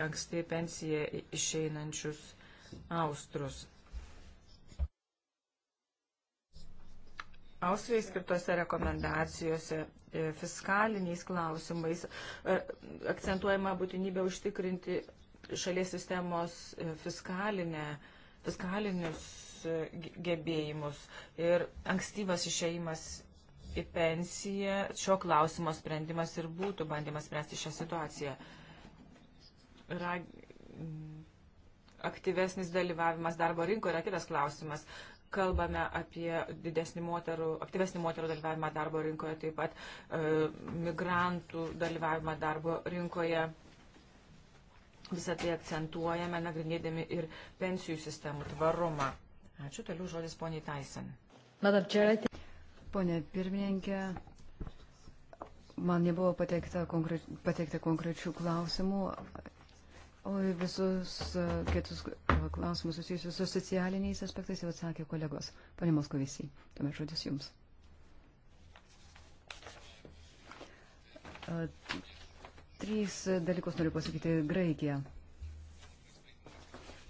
anksti pensiją išeinančius Austrus. Austrijai skirtose rekomendacijose E, fiskaliniais klausimais, e, akcentuojama būtinybė užtikrinti šalies sistemos e, fiskalinę, fiskalinius gebėjimus ir ankstyvas išeimas į pensiją, šio klausimo sprendimas ir būtų bandymas spręsti šią situaciją. Rag... Aktyvesnis dalyvavimas darbo rinkoje yra kitas klausimas kalbame apie didesnį moterų, aktyvesnį moterų dalyvavimą darbo rinkoje, taip pat e, migrantų dalyvavimą darbo rinkoje. Visą tai akcentuojame, nagrinėdami ir pensijų sistemų tvarumą. Ačiū, toliau žodis poniai Tyson. Pone pirmininkė, man nebuvo pateikta, konkre pateikta konkrečių klausimų O visus e, kitus e, klausimus susijusius su socialiniais aspektais jau atsakė kolegos. Pane Moskovisiai, tuomet žodis jums. E, trys dalykus noriu pasakyti Graikiją.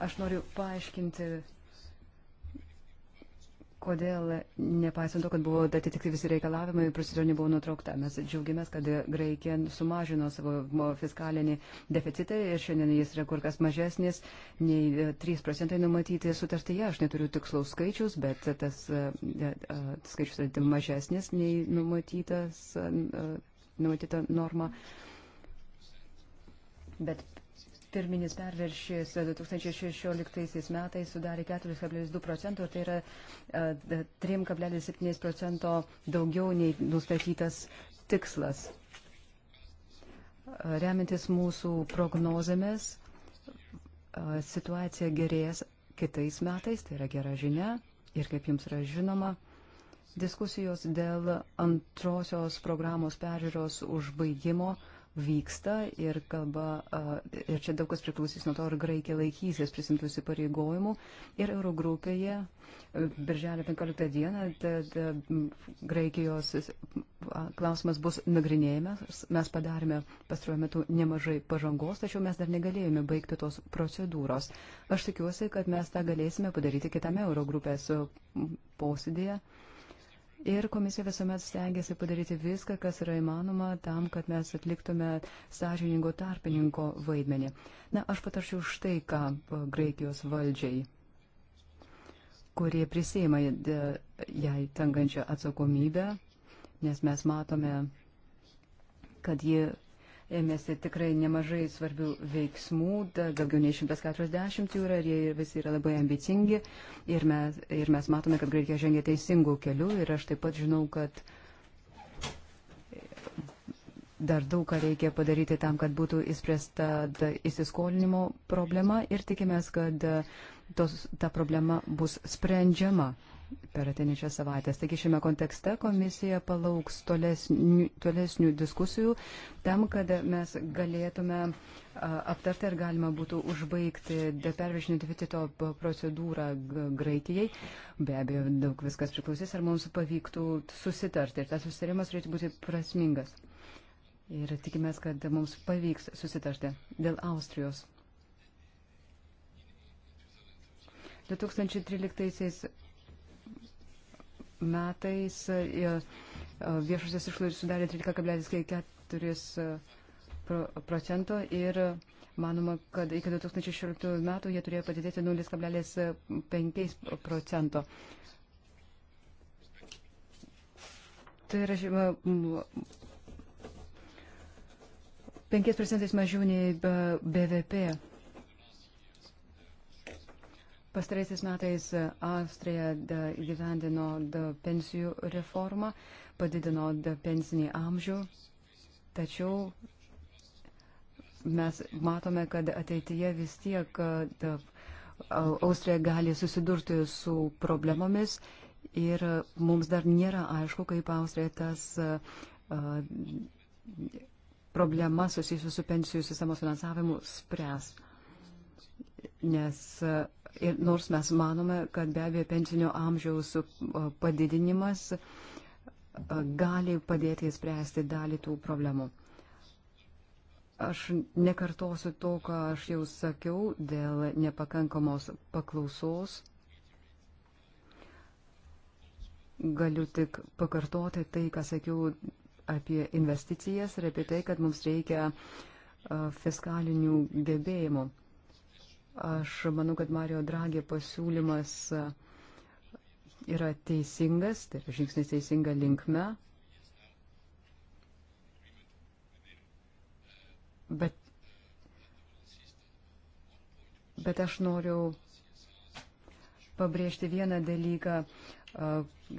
Aš noriu paaiškinti kodėl, nepaisant to, kad buvo atitikti visi reikalavimai, procedūra nebuvo nutraukta. Mes džiaugiamės, kad Graikija sumažino savo fiskalinį deficitą ir šiandien jis yra kur kas mažesnis nei 3 e, procentai numatyti sutartyje. Aš neturiu tikslaus skaičius, bet tas e, e, skaičius yra mažesnis nei numatytas, numatyta norma. Bet Pirminis perviršis 2016 metais sudarė 4,2 procentų ir tai yra 3,7 procento daugiau nei nustatytas tikslas. Remintis mūsų prognozėmis, situacija gerės kitais metais, tai yra gera žinia. Ir kaip jums yra žinoma, diskusijos dėl antrosios programos peržiūros užbaigimo uh, vyksta ir kalba, ir čia daug kas priklausys nuo to, ar Graikija laikysis prisimtų įsipareigojimų. Ir Eurogrupėje birželio 15 dieną tad, Graikijos klausimas bus nagrinėjimas. Mes padarėme pastaruoju metu nemažai pažangos, tačiau mes dar negalėjome baigti tos procedūros. Aš tikiuosi, kad mes tą galėsime padaryti kitame Eurogrupės posėdėje. Ir komisija visuomet stengiasi padaryti viską, kas yra įmanoma, tam, kad mes atliktume sąžiningo tarpininko vaidmenį. Na, aš pataršiu štai ką Graikijos valdžiai, kurie prisėmė e, jai tenkančią atsakomybę, nes mes matome, kad ji ėmėsi tikrai nemažai svarbių veiksmų, daugiau nei 140 jų yra ir jie visi yra labai ambicingi ir mes, ir mes matome, kad Graikija žengia teisingų kelių ir aš taip pat žinau, kad dar daug ką reikia padaryti tam, kad būtų įspręsta įsiskolinimo problema ir tikimės, kad tos, ta problema bus sprendžiama per ateinančią savaitę. Taigi šiame kontekste komisija palauks tolesnių, tolesnių diskusijų tam, kad mes galėtume aptarti ir galima būtų užbaigti pervežinio deficito procedūrą Graikijai. Be abejo, daug viskas priklausys, ar mums pavyktų susitarti ir tas susitarimas turėtų būti prasmingas. Ir tikimės, kad mums pavyks susitarti dėl Austrijos. 2013 metais e, e, viešusios išlaidos sudarė 13,4 procento ir manoma, kad iki 2016 metų jie turėjo padidėti 0,5 procento. Tai yra 5 procentais mažiau nei BVP. Pastaraisiais metais e, Austrija įgyvendino pensijų reformą, padidino pensinį amžių, tačiau mes matome, kad ateityje vis tiek e, Austrija gali susidurti su problemomis ir mums dar nėra aišku, kaip Austrija tas e, problemas susijusius su pensijų sistemos finansavimu spręs. Nes uh, Ir nors mes manome, kad be abejo pensinio amžiaus uh, padidinimas uh, gali padėti įspręsti dalį tų problemų. Aš nekartosiu to, ką aš jau sakiau dėl nepakankamos paklausos. Galiu tik pakartoti tai, ką sakiau apie investicijas ir apie tai, kad mums reikia uh, fiskalinių gebėjimų. Aš manau, kad Mario Dragė pasiūlymas yra teisingas, tai yra žingsnis teisinga linkme. Bet, bet aš noriu pabrėžti vieną dalyką,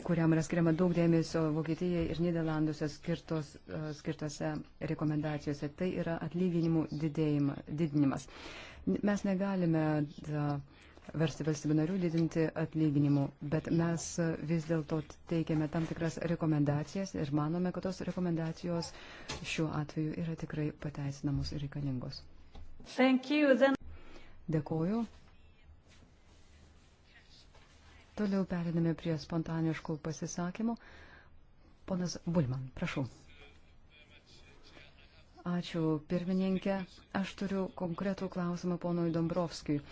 kuriam yra skiriama daug dėmesio Vokietijoje ir Niderlanduose skirtos, skirtose rekomendacijose. Tai yra atlyginimų didinimas. Mes negalime versti valstybių narių didinti atlyginimų, bet mes vis dėlto teikiame tam tikras rekomendacijas ir manome, kad tos rekomendacijos šiuo atveju yra tikrai pateisinamos ir reikalingos. Then... Dėkoju. Toliau periname prie spontaniškų pasisakymų. Ponas Bulman, prašau. Ačiū, pirmininkė. Aš turiu konkretų klausimą ponui Dombrovskijui.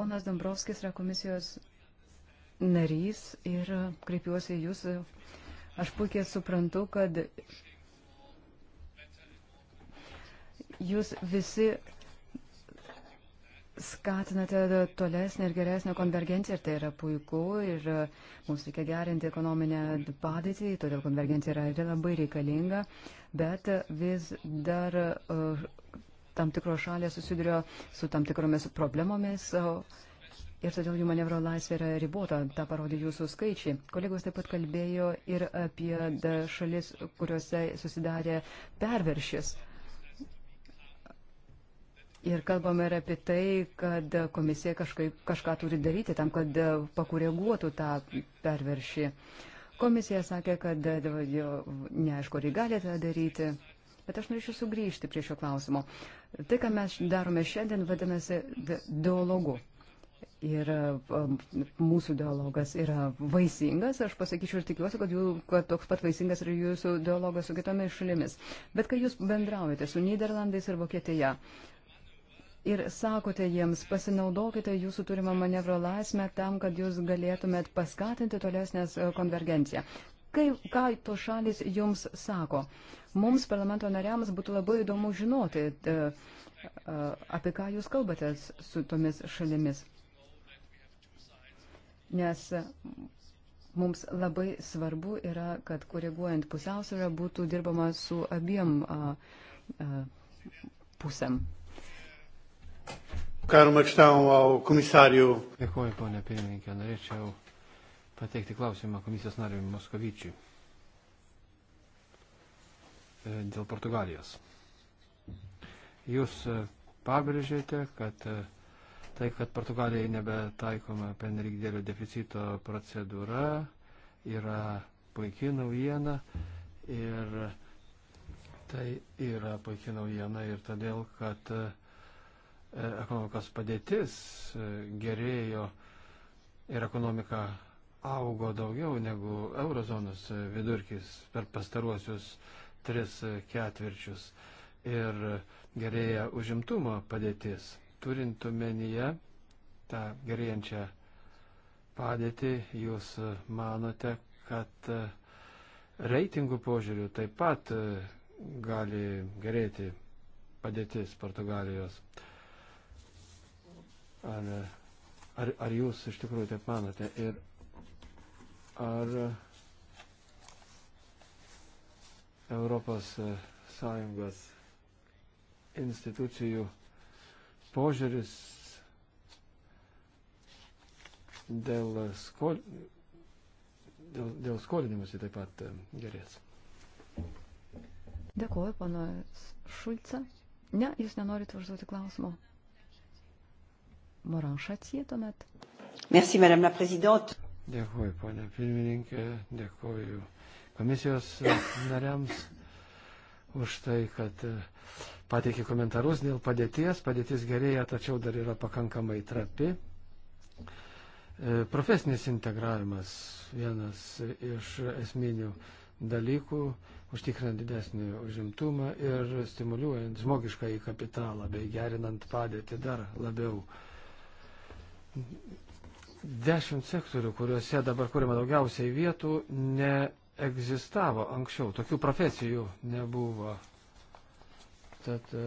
Ponas Dombrovskis yra komisijos narys ir kreipiuosi į jūs. Aš puikiai suprantu, kad jūs visi skatinate tolesnę ir geresnę konvergenciją ir tai yra puiku ir e, mums reikia gerinti ekonominę padėtį, todėl konvergencija yra labai reikalinga, bet vis dar e, tam tikros šalės susiduria su tam tikromis problemomis. Ir todėl jų manevro laisvė yra ribota, tą parodė jūsų skaičiai. Kolegos taip pat kalbėjo ir apie šalis, kuriuose susidarė perveršis. Uh, Ir kalbame ir apie tai, kad komisija kažkaip, kažką turi daryti tam, kad pakoreguotų tą perveršį. Komisija sakė, kad e, neaišku, ar jį gali tą daryti. Bet aš norėčiau sugrįžti prie šio klausimo. Tai, ką mes darome šiandien, vadinasi dialogu. Ir e, mūsų dialogas yra vaisingas, aš pasakyčiau ir tikiuosi, kad, jų, kad toks pat vaisingas yra jūsų dialogas su kitomis šalimis. Bet kai jūs bendraujate su Niderlandais ir Vokietija, uh, ir sakote jiems, pasinaudokite jūsų turimą manevro laisvę tam, kad jūs galėtumėt paskatinti tolesnės e, konvergenciją. Kai, ką to šalis jums sako? Mums, parlamento nariams, būtų labai įdomu žinoti, e, e, apie ką jūs kalbate su tomis šalimis. Nes mums labai svarbu yra, kad koreguojant pusiausvyrą būtų dirbama su abiem a, a, pusėm. Dėkuoju, ponė pirmininkė. Norėčiau pateikti klausimą komisijos nariui Moskovičiui e, dėl Portugalijos. Jūs e, pabrėžėte, kad e, tai, kad Portugalijai nebetaikoma pernelyg dėlio deficito procedūra, yra puikiai naujiena ir tai yra puikiai naujiena ir todėl, kad uh, E, ekonomikos padėtis e, gerėjo ir ekonomika augo daugiau negu eurozonos vidurkis per pastaruosius tris ketvirčius ir gerėja užimtumo padėtis. Turint omenyje tą gerėjančią padėtį, jūs manote, kad reitingų požiūrių taip pat gali gerėti padėtis Portugalijos. Ar, ar, ar jūs iš tikrųjų taip manote? Ir ar Europos e, Sąjungos institucijų požiūris dėl, skol... dėl, dėl skolinimusi taip pat e, gerės. Dėkuoju, pana Šulca. Ne, jūs nenorite užduoti klausimo. Moran Šatie tuomet. Merci, madame la prezident. Dėkuoju, ponia pirmininkė, dėkuoju komisijos nariams už tai, kad e, pateikė komentarus dėl padėties. Padėtis gerėja, tačiau dar yra pakankamai trapi. E, profesinis integravimas vienas iš esminių dalykų, užtikrinant didesnį užimtumą ir stimuliuojant žmogišką į kapitalą bei gerinant padėtį dar labiau. Dešimt sektorių, kuriuose dabar kuriama daugiausiai vietų, neegzistavo anksčiau. Tokių profesijų nebuvo. Tad e,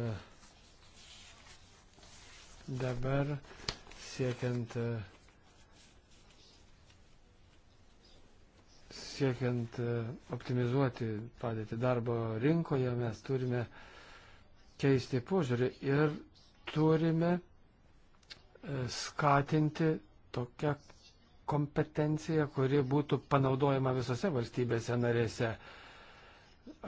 dabar siekiant, e, siekiant e, optimizuoti padėti darbo rinkoje, mes turime keisti požiūrį ir turime skatinti tokią kompetenciją, kuri būtų panaudojama visose valstybėse narėse.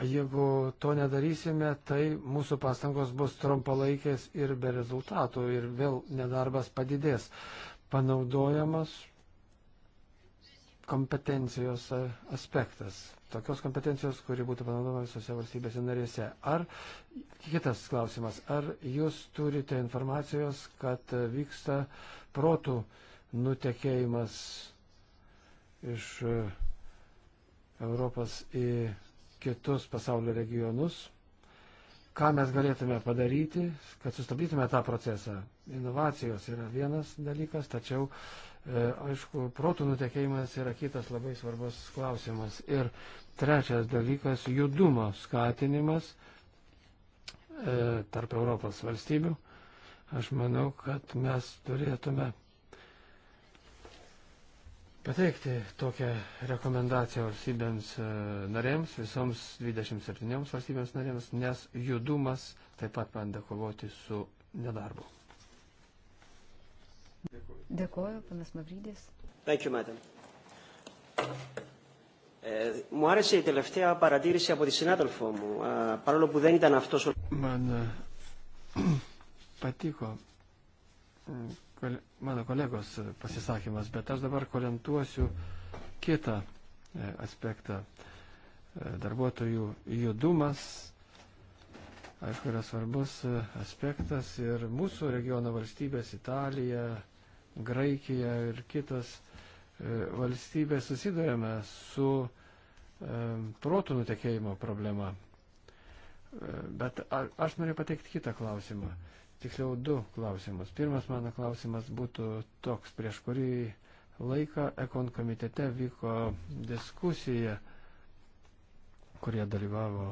Jeigu to nedarysime, tai mūsų pastangos bus trumpalaikės ir be rezultatų ir vėl nedarbas padidės. Panaudojamas kompetencijos aspektas tokios kompetencijos, kuri būtų panaudojama visose valstybėse narėse. Ar kitas klausimas, ar jūs turite informacijos, kad vyksta protų nutekėjimas iš e, Europos į kitus pasaulio regionus? Ką mes galėtume padaryti, kad sustabdytume tą procesą? Inovacijos yra vienas dalykas, tačiau uh, E, aišku, protų nutekėjimas yra kitas labai svarbus klausimas. Ir trečias dalykas - judumo skatinimas e, tarp Europos valstybių. Aš manau, kad mes turėtume pateikti tokią rekomendaciją valstybėms e, narėms, visoms 27 valstybėms narėms, nes judumas taip pat bando kovoti su nedarbu. Dėkuoju, panas Mavrydis. Ačiū, madam. Ε, μου άρεσε η τελευταία παρατήρηση από τη συνάδελφό μου, ε, παρόλο που δεν ήταν αυτός ο... Man patiko mano kolegos pasisakymas, bet aš dabar komentuosiu kitą aspektą. Darbuotojų judumas, aišku, yra svarbus e, aspektas ir mūsų regiono valstybės Italija, Graikija ir kitos e, valstybės susidurėme su e, protų nutekėjimo problema. E, bet aš noriu pateikti kitą klausimą. Tiksliau du klausimus. Pirmas mano klausimas būtų toks, prieš kurį laiką Ekon komitete vyko diskusija, kurie dalyvavo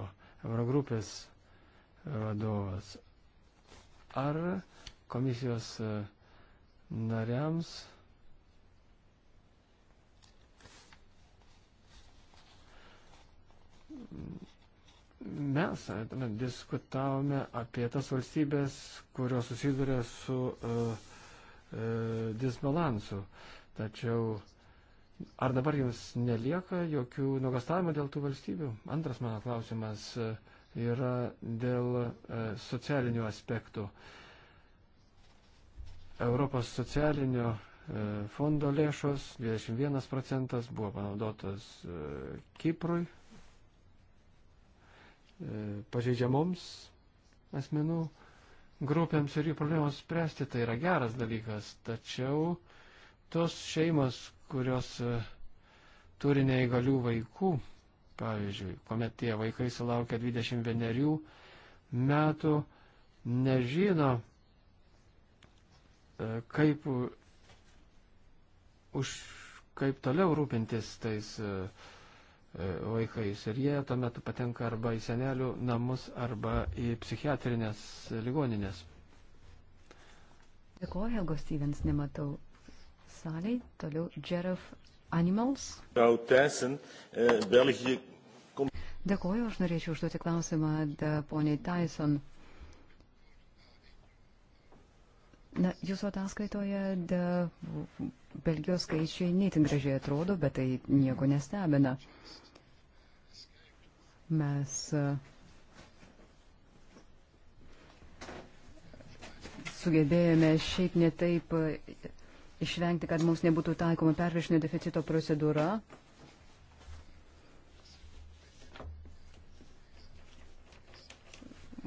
Eurogrupės vadovas. Ar komisijos uh, nariams. Mes tame, diskutavome apie tas valstybės, kurios susiduria su uh, uh, disbalansu. Tačiau ar dabar jums nelieka jokių nuogastavimų dėl tų valstybių? Antras mano klausimas e, yra dėl uh, socialinių aspektų. Uh, Europos socialinio e, fondo lėšos 21 procentas buvo panaudotas e, Kiprui e, pažeidžiamoms asmenų grupėms ir jų problemams spręsti, tai yra geras dalykas. Tačiau tos šeimos, kurios turi neįgalių vaikų, pavyzdžiui, kuomet tie vaikai sulaukia 21 metų, nežino, kaip, už, kaip toliau rūpintis tais e, e, vaikais. Ir jie tuomet patenka arba į senelių namus, arba į psichiatrinės ligoninės. Dėkuoju, Helgos Stevens, nematau salėje. Toliau Jerov Animals. Dėkuoju, aš norėčiau užduoti klausimą poniai Tyson. Na, jūsų ataskaitoje de, Belgijos skaičiai neįtin gražiai atrodo, bet tai nieko nestebina. Mes sugebėjome šiaip netaip išvengti, kad mums nebūtų taikoma pervešinio deficito procedūra.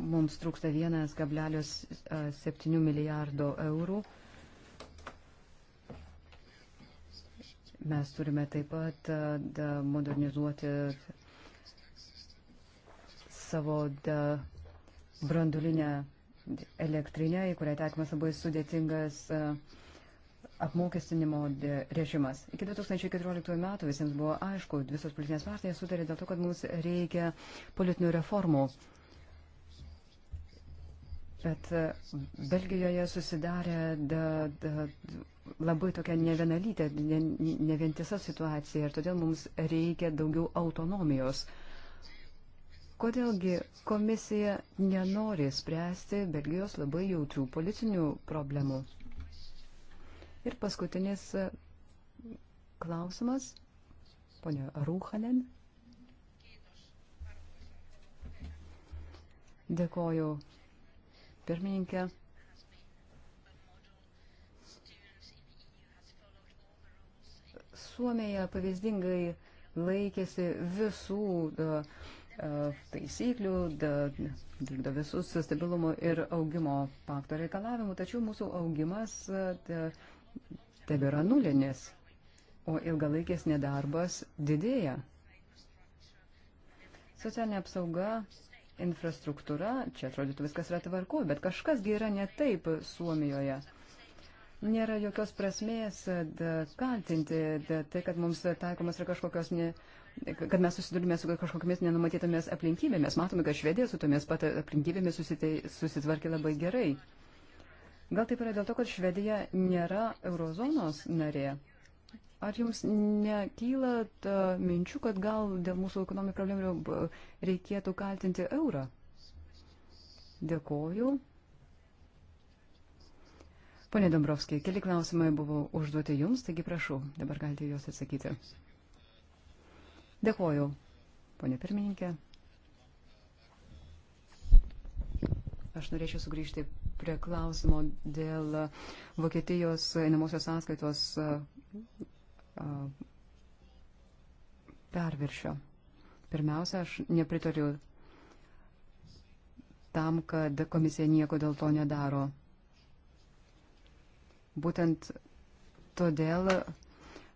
mums trūksta 1,7 milijardo eurų. Mes turime taip pat da, modernizuoti savo da, brandulinę elektrinę, į kurią taikomas labai sudėtingas apmokestinimo režimas. Iki 2014 metų visiems buvo aišku, visos politinės partijos sutarė dėl to, kad mums reikia politinių reformų Bet e, Belgijoje susidarė da, da, labai tokia nevienalytė, ne, nevientisa situacija ir todėl mums reikia daugiau autonomijos. Kodėlgi komisija nenori spręsti Belgijos labai jautrių politinių problemų? Ir paskutinis e, klausimas, ponia Rūhanen. Dėkoju pirmininkė. Suomija pavyzdingai laikėsi visų da, taisyklių, vykdo visus stabilumo ir augimo pakto reikalavimų, tačiau mūsų augimas tebėra nulinis, o ilgalaikės nedarbas didėja. Socialinė apsauga infrastruktūra, čia atrodytų viskas yra tvarku, bet kažkasgi yra ne taip Suomijoje. Nėra jokios prasmės kaltinti tai, kad mums taikomas yra kažkokios, ne, kad mes susidurime su kažkokiamis nenumatytomis aplinkybėmis. Matome, kad Švedija su tomis pat aplinkybėmis susitei, susitvarkė labai gerai. Gal taip yra dėl to, kad Švedija nėra eurozonos narė. Ar jums nekyla minčių, kad gal dėl mūsų ekonominių problemų reikėtų kaltinti eurą? Dėkoju. Pone Dombrovskiai, keli klausimai buvo užduoti jums, taigi prašau, dabar galite juos atsakyti. Dėkoju, ponė pirmininkė. Aš norėčiau sugrįžti prie klausimo dėl Vokietijos einamosios sąskaitos perviršio. Pirmiausia, aš nepritariu tam, kad komisija nieko dėl to nedaro. Būtent todėl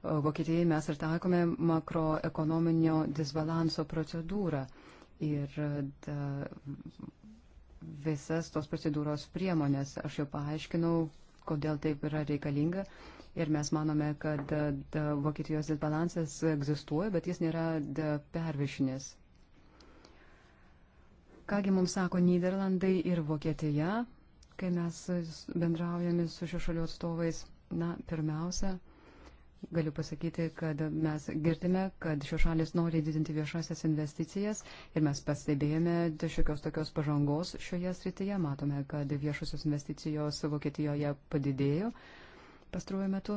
Vokietijai mes ir taikome makroekonominio disbalanso procedūrą ir da, visas tos procedūros priemonės. Aš jau paaiškinau, kodėl taip yra reikalinga ir mes manome, kad Vokietijos disbalansas egzistuoja, bet jis nėra pervišinės. Kągi mums sako Niderlandai ir Vokietija, kai mes bendraujame su šio šalių atstovais, na, pirmiausia, galiu pasakyti, kad mes girdime, kad šios šalis nori didinti viešasias investicijas ir mes pastebėjome šiokios tokios pažangos šioje srityje. Matome, kad viešosios investicijos Vokietijoje padidėjo pastaruoju metu.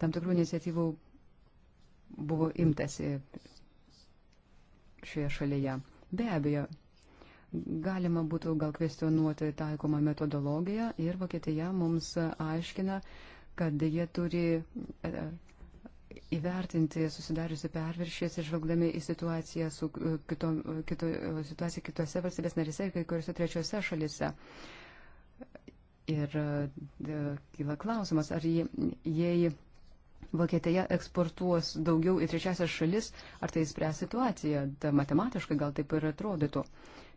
Tam tikrų iniciatyvų buvo imtasi šioje šalyje. Be abejo, galima būtų gal kvestionuoti taikomą metodologiją ir Vokietija mums aiškina, kad jie turi e, įvertinti susidariusi perviršės ir žvelgdami į situaciją, su, e, kito, e, kito, situaciją kitose valstybės narise ir kai kuriuose trečiose šalise. Uh, Ir e, kyla klausimas, ar jie, jei Vokietija eksportuos daugiau į trečiasias šalis, ar tai spręs situaciją, da, matematiškai gal taip ir atrodytų.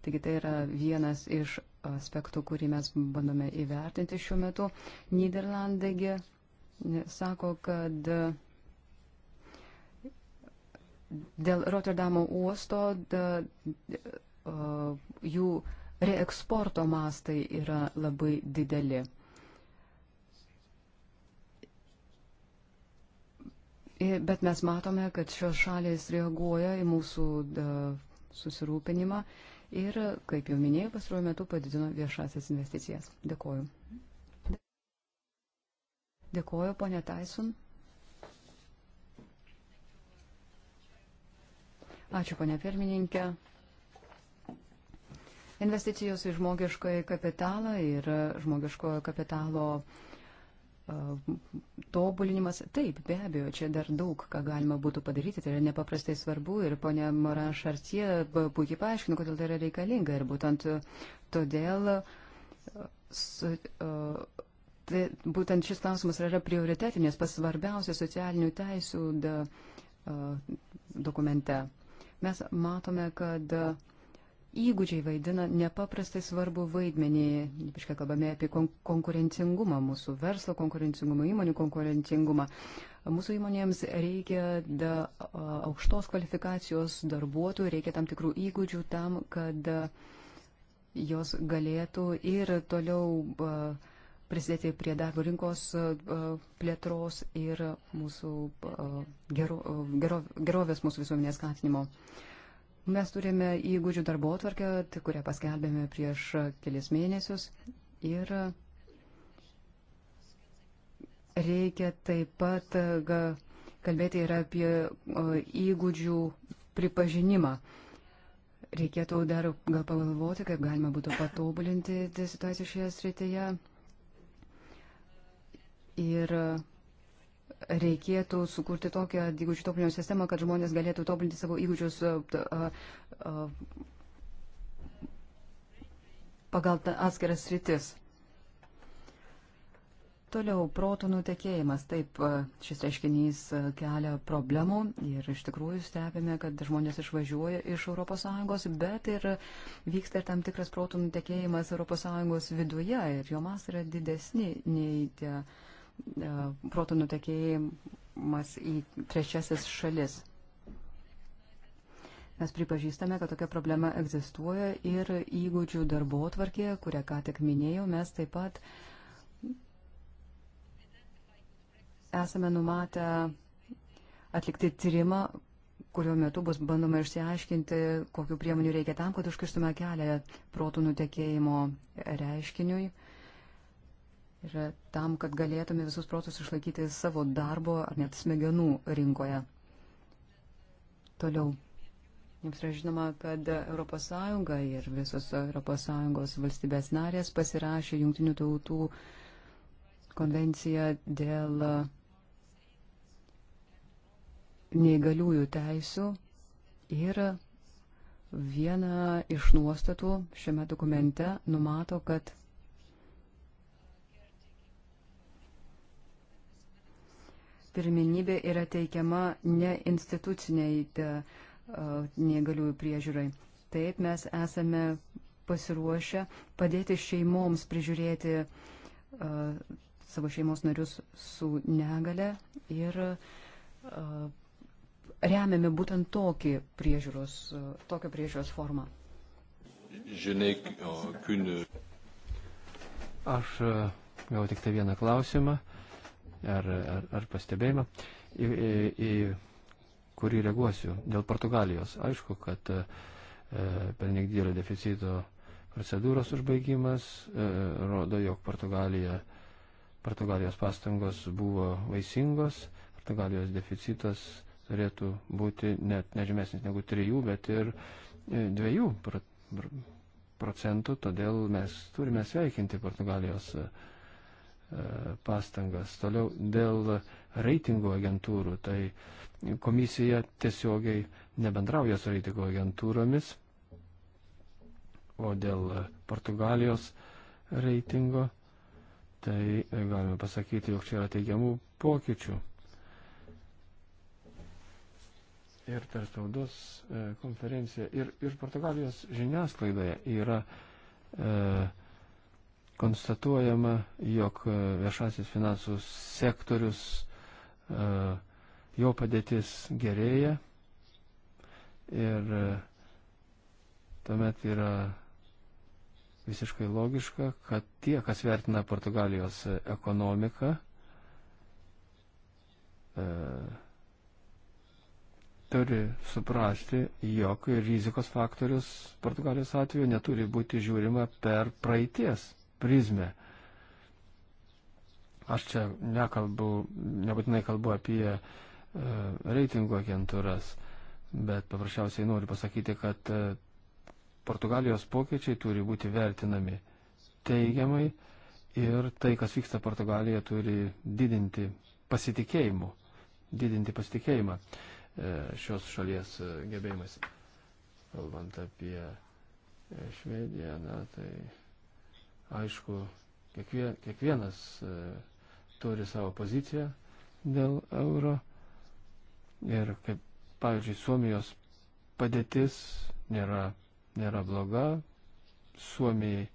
Taigi tai yra vienas iš aspektų, kurį mes bandome įvertinti šiuo metu. Niderlandegi sako, kad e, dėl Rotterdamo uosto da, da, e, jų uh, reeksporto mastai yra labai dideli. Bet mes matome, kad šios šalės reaguoja į mūsų susirūpinimą ir, kaip jau minėjau, pastaruoju metu padidino viešasias investicijas. Dėkoju. Dėkoju, ponė Tyson. Ačiū, ponė pirmininkė. Investicijos į žmogiškoje kapitalą ir žmogiškojo kapitalo e, tobulinimas. Taip, be abejo, čia dar daug ką galima būtų padaryti, tai yra nepaprastai svarbu ir ponia Moran Šartie puikiai paaiškino, kodėl tai yra reikalinga ir būtent todėl e, su, e, tai, būtent šis klausimas yra prioritetinės pasvarbiausia socialinių teisų da, dokumente. Mes matome, kad uh, Įgūdžiai vaidina nepaprastai svarbu vaidmenį, ypač kai kalbame apie kon konkurencingumą, mūsų verslo konkurencingumą, įmonių konkurencingumą. Mūsų įmonėms reikia da, aukštos kvalifikacijos darbuotojų, reikia tam tikrų įgūdžių tam, kad jos galėtų ir toliau prisidėti prie darbo rinkos plėtros ir mūsų gero, gero, gerovės mūsų visuomenės skatinimo. Mes turime įgūdžių darbo atvarkę, kurią paskelbėme prieš kelias mėnesius. Ir reikia taip pat kalbėti ir apie įgūdžių pripažinimą. Reikėtų dar gal pagalvoti, kaip galima būtų patobulinti situaciją šioje srityje. Ir reikėtų sukurti tokią įgūdžių tobulinimo sistemą, kad žmonės galėtų tobulinti savo įgūdžius e, pagal atskiras sritis. Toliau proto nutekėjimas. Taip, e, šis reiškinys e, kelia problemų ir iš tikrųjų stebime, kad žmonės išvažiuoja iš ES, bet ir vyksta ir tam tikras proto nutekėjimas ES viduje ir jo mas yra didesni nei tie. Uh, E, protų nutekėjimas į trečiasis šalis. Mes pripažįstame, kad tokia problema egzistuoja ir įgūdžių darbo tvarkė, kurią ką tik minėjau, mes taip pat esame numatę atlikti tyrimą, kurio metu bus bandoma išsiaiškinti, kokiu priemonių reikia tam, kad užkirstume kelią protų nutekėjimo reiškiniui ir tam, kad galėtume visus protus išlaikyti savo darbo ar net smegenų rinkoje. Toliau. Jums yra žinoma, kad ES ir visos ES valstybės narės pasirašė Junktinių tautų konvenciją dėl neįgaliųjų teisų ir viena iš nuostatų šiame dokumente numato, kad pirminybė yra teikiama ne instituciniai negaliųjų priežiūrai. Taip mes esame pasiruošę padėti šeimoms prižiūrėti uh, savo šeimos narius su negale ir uh, remiame būtent tokį priežiūros, uh, tokią priežiūros formą. Aš e, gavau tik tai vieną klausimą ar, ar, ar pastebėjimą, į, į, į kurį reaguosiu. Dėl Portugalijos. Aišku, kad e, per negdėlio deficito procedūros užbaigimas e, rodo, jog Portugalija, Portugalijos pastangos buvo vaisingos, Portugalijos deficitas turėtų būti net nežymesnis negu 3, bet ir 2 e, procentų, todėl mes turime sveikinti Portugalijos e, pastangas. Toliau dėl reitingų agentūrų, tai komisija tiesiogiai nebendrauja su reitingų agentūromis, o dėl Portugalijos reitingo, tai galime pasakyti, jog čia yra teigiamų pokyčių. Ir per spaudos e, konferenciją ir, ir Portugalijos žiniasklaidoje yra e, konstatuojama, jog e, viešasis finansų sektorius, e, jo padėtis gerėja ir e, tuomet yra visiškai logiška, kad tie, kas vertina Portugalijos ekonomiką, turi suprasti, jog rizikos faktorius Portugalijos atveju neturi būti žiūrima per praeities prizmę. Aš čia nekalbu, nebūtinai kalbu apie e, reitingų agentūras, bet paprasčiausiai noriu pasakyti, kad e, Portugalijos pokyčiai turi būti vertinami teigiamai ir tai, kas vyksta Portugalijoje, turi didinti pasitikėjimu, didinti pasitikėjimą e, šios šalies e, gebėjimais. Kalbant apie e, Švediją, na, tai Aišku, kiekvien, kiekvienas e, turi savo poziciją dėl euro. Ir kaip, pavyzdžiui, Suomijos padėtis nėra, nėra bloga. Suomijai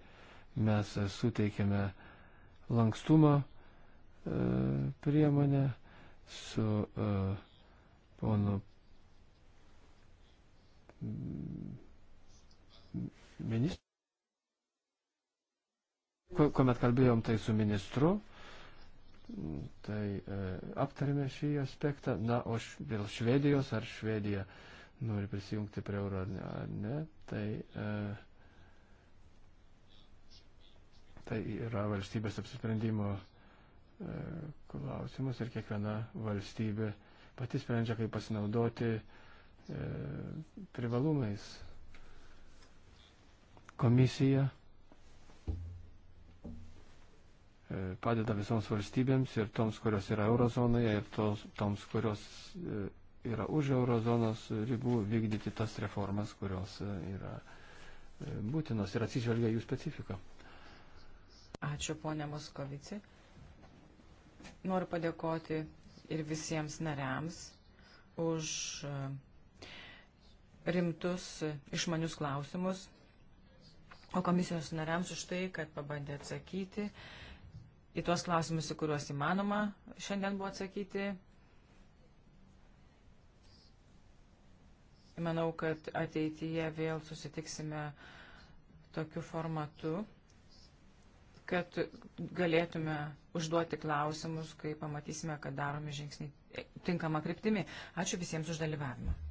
mes suteikėme lankstumo e, priemonę su e, ponu ministru. Kuomet kalbėjom tai su ministru, tai e, aptarėme šį aspektą. Na, o š, dėl Švedijos, ar Švedija nori prisijungti prie euro ar ne, ar ne tai, e, tai yra valstybės apsisprendimo e, klausimas ir kiekviena valstybė pati sprendžia, kaip pasinaudoti e, privalumais. Komisija E, padeda visoms valstybėms ir toms, kurios yra eurozonoje ir tos, toms, kurios e, yra už eurozonos ribų vykdyti tas reformas, kurios e, yra būtinos ir atsižvelgia jų specifiką. Ačiū ponė Moskovici. Noriu padėkoti ir visiems nariams už rimtus išmanius klausimus, o komisijos nariams už tai, kad pabandė atsakyti. Uh, į tuos klausimus, į kuriuos įmanoma šiandien buvo atsakyti. Manau, kad ateityje vėl susitiksime tokiu formatu, kad galėtume užduoti klausimus, kai pamatysime, kad daromi žingsniai tinkama kryptimi. Ačiū visiems už dalyvavimą.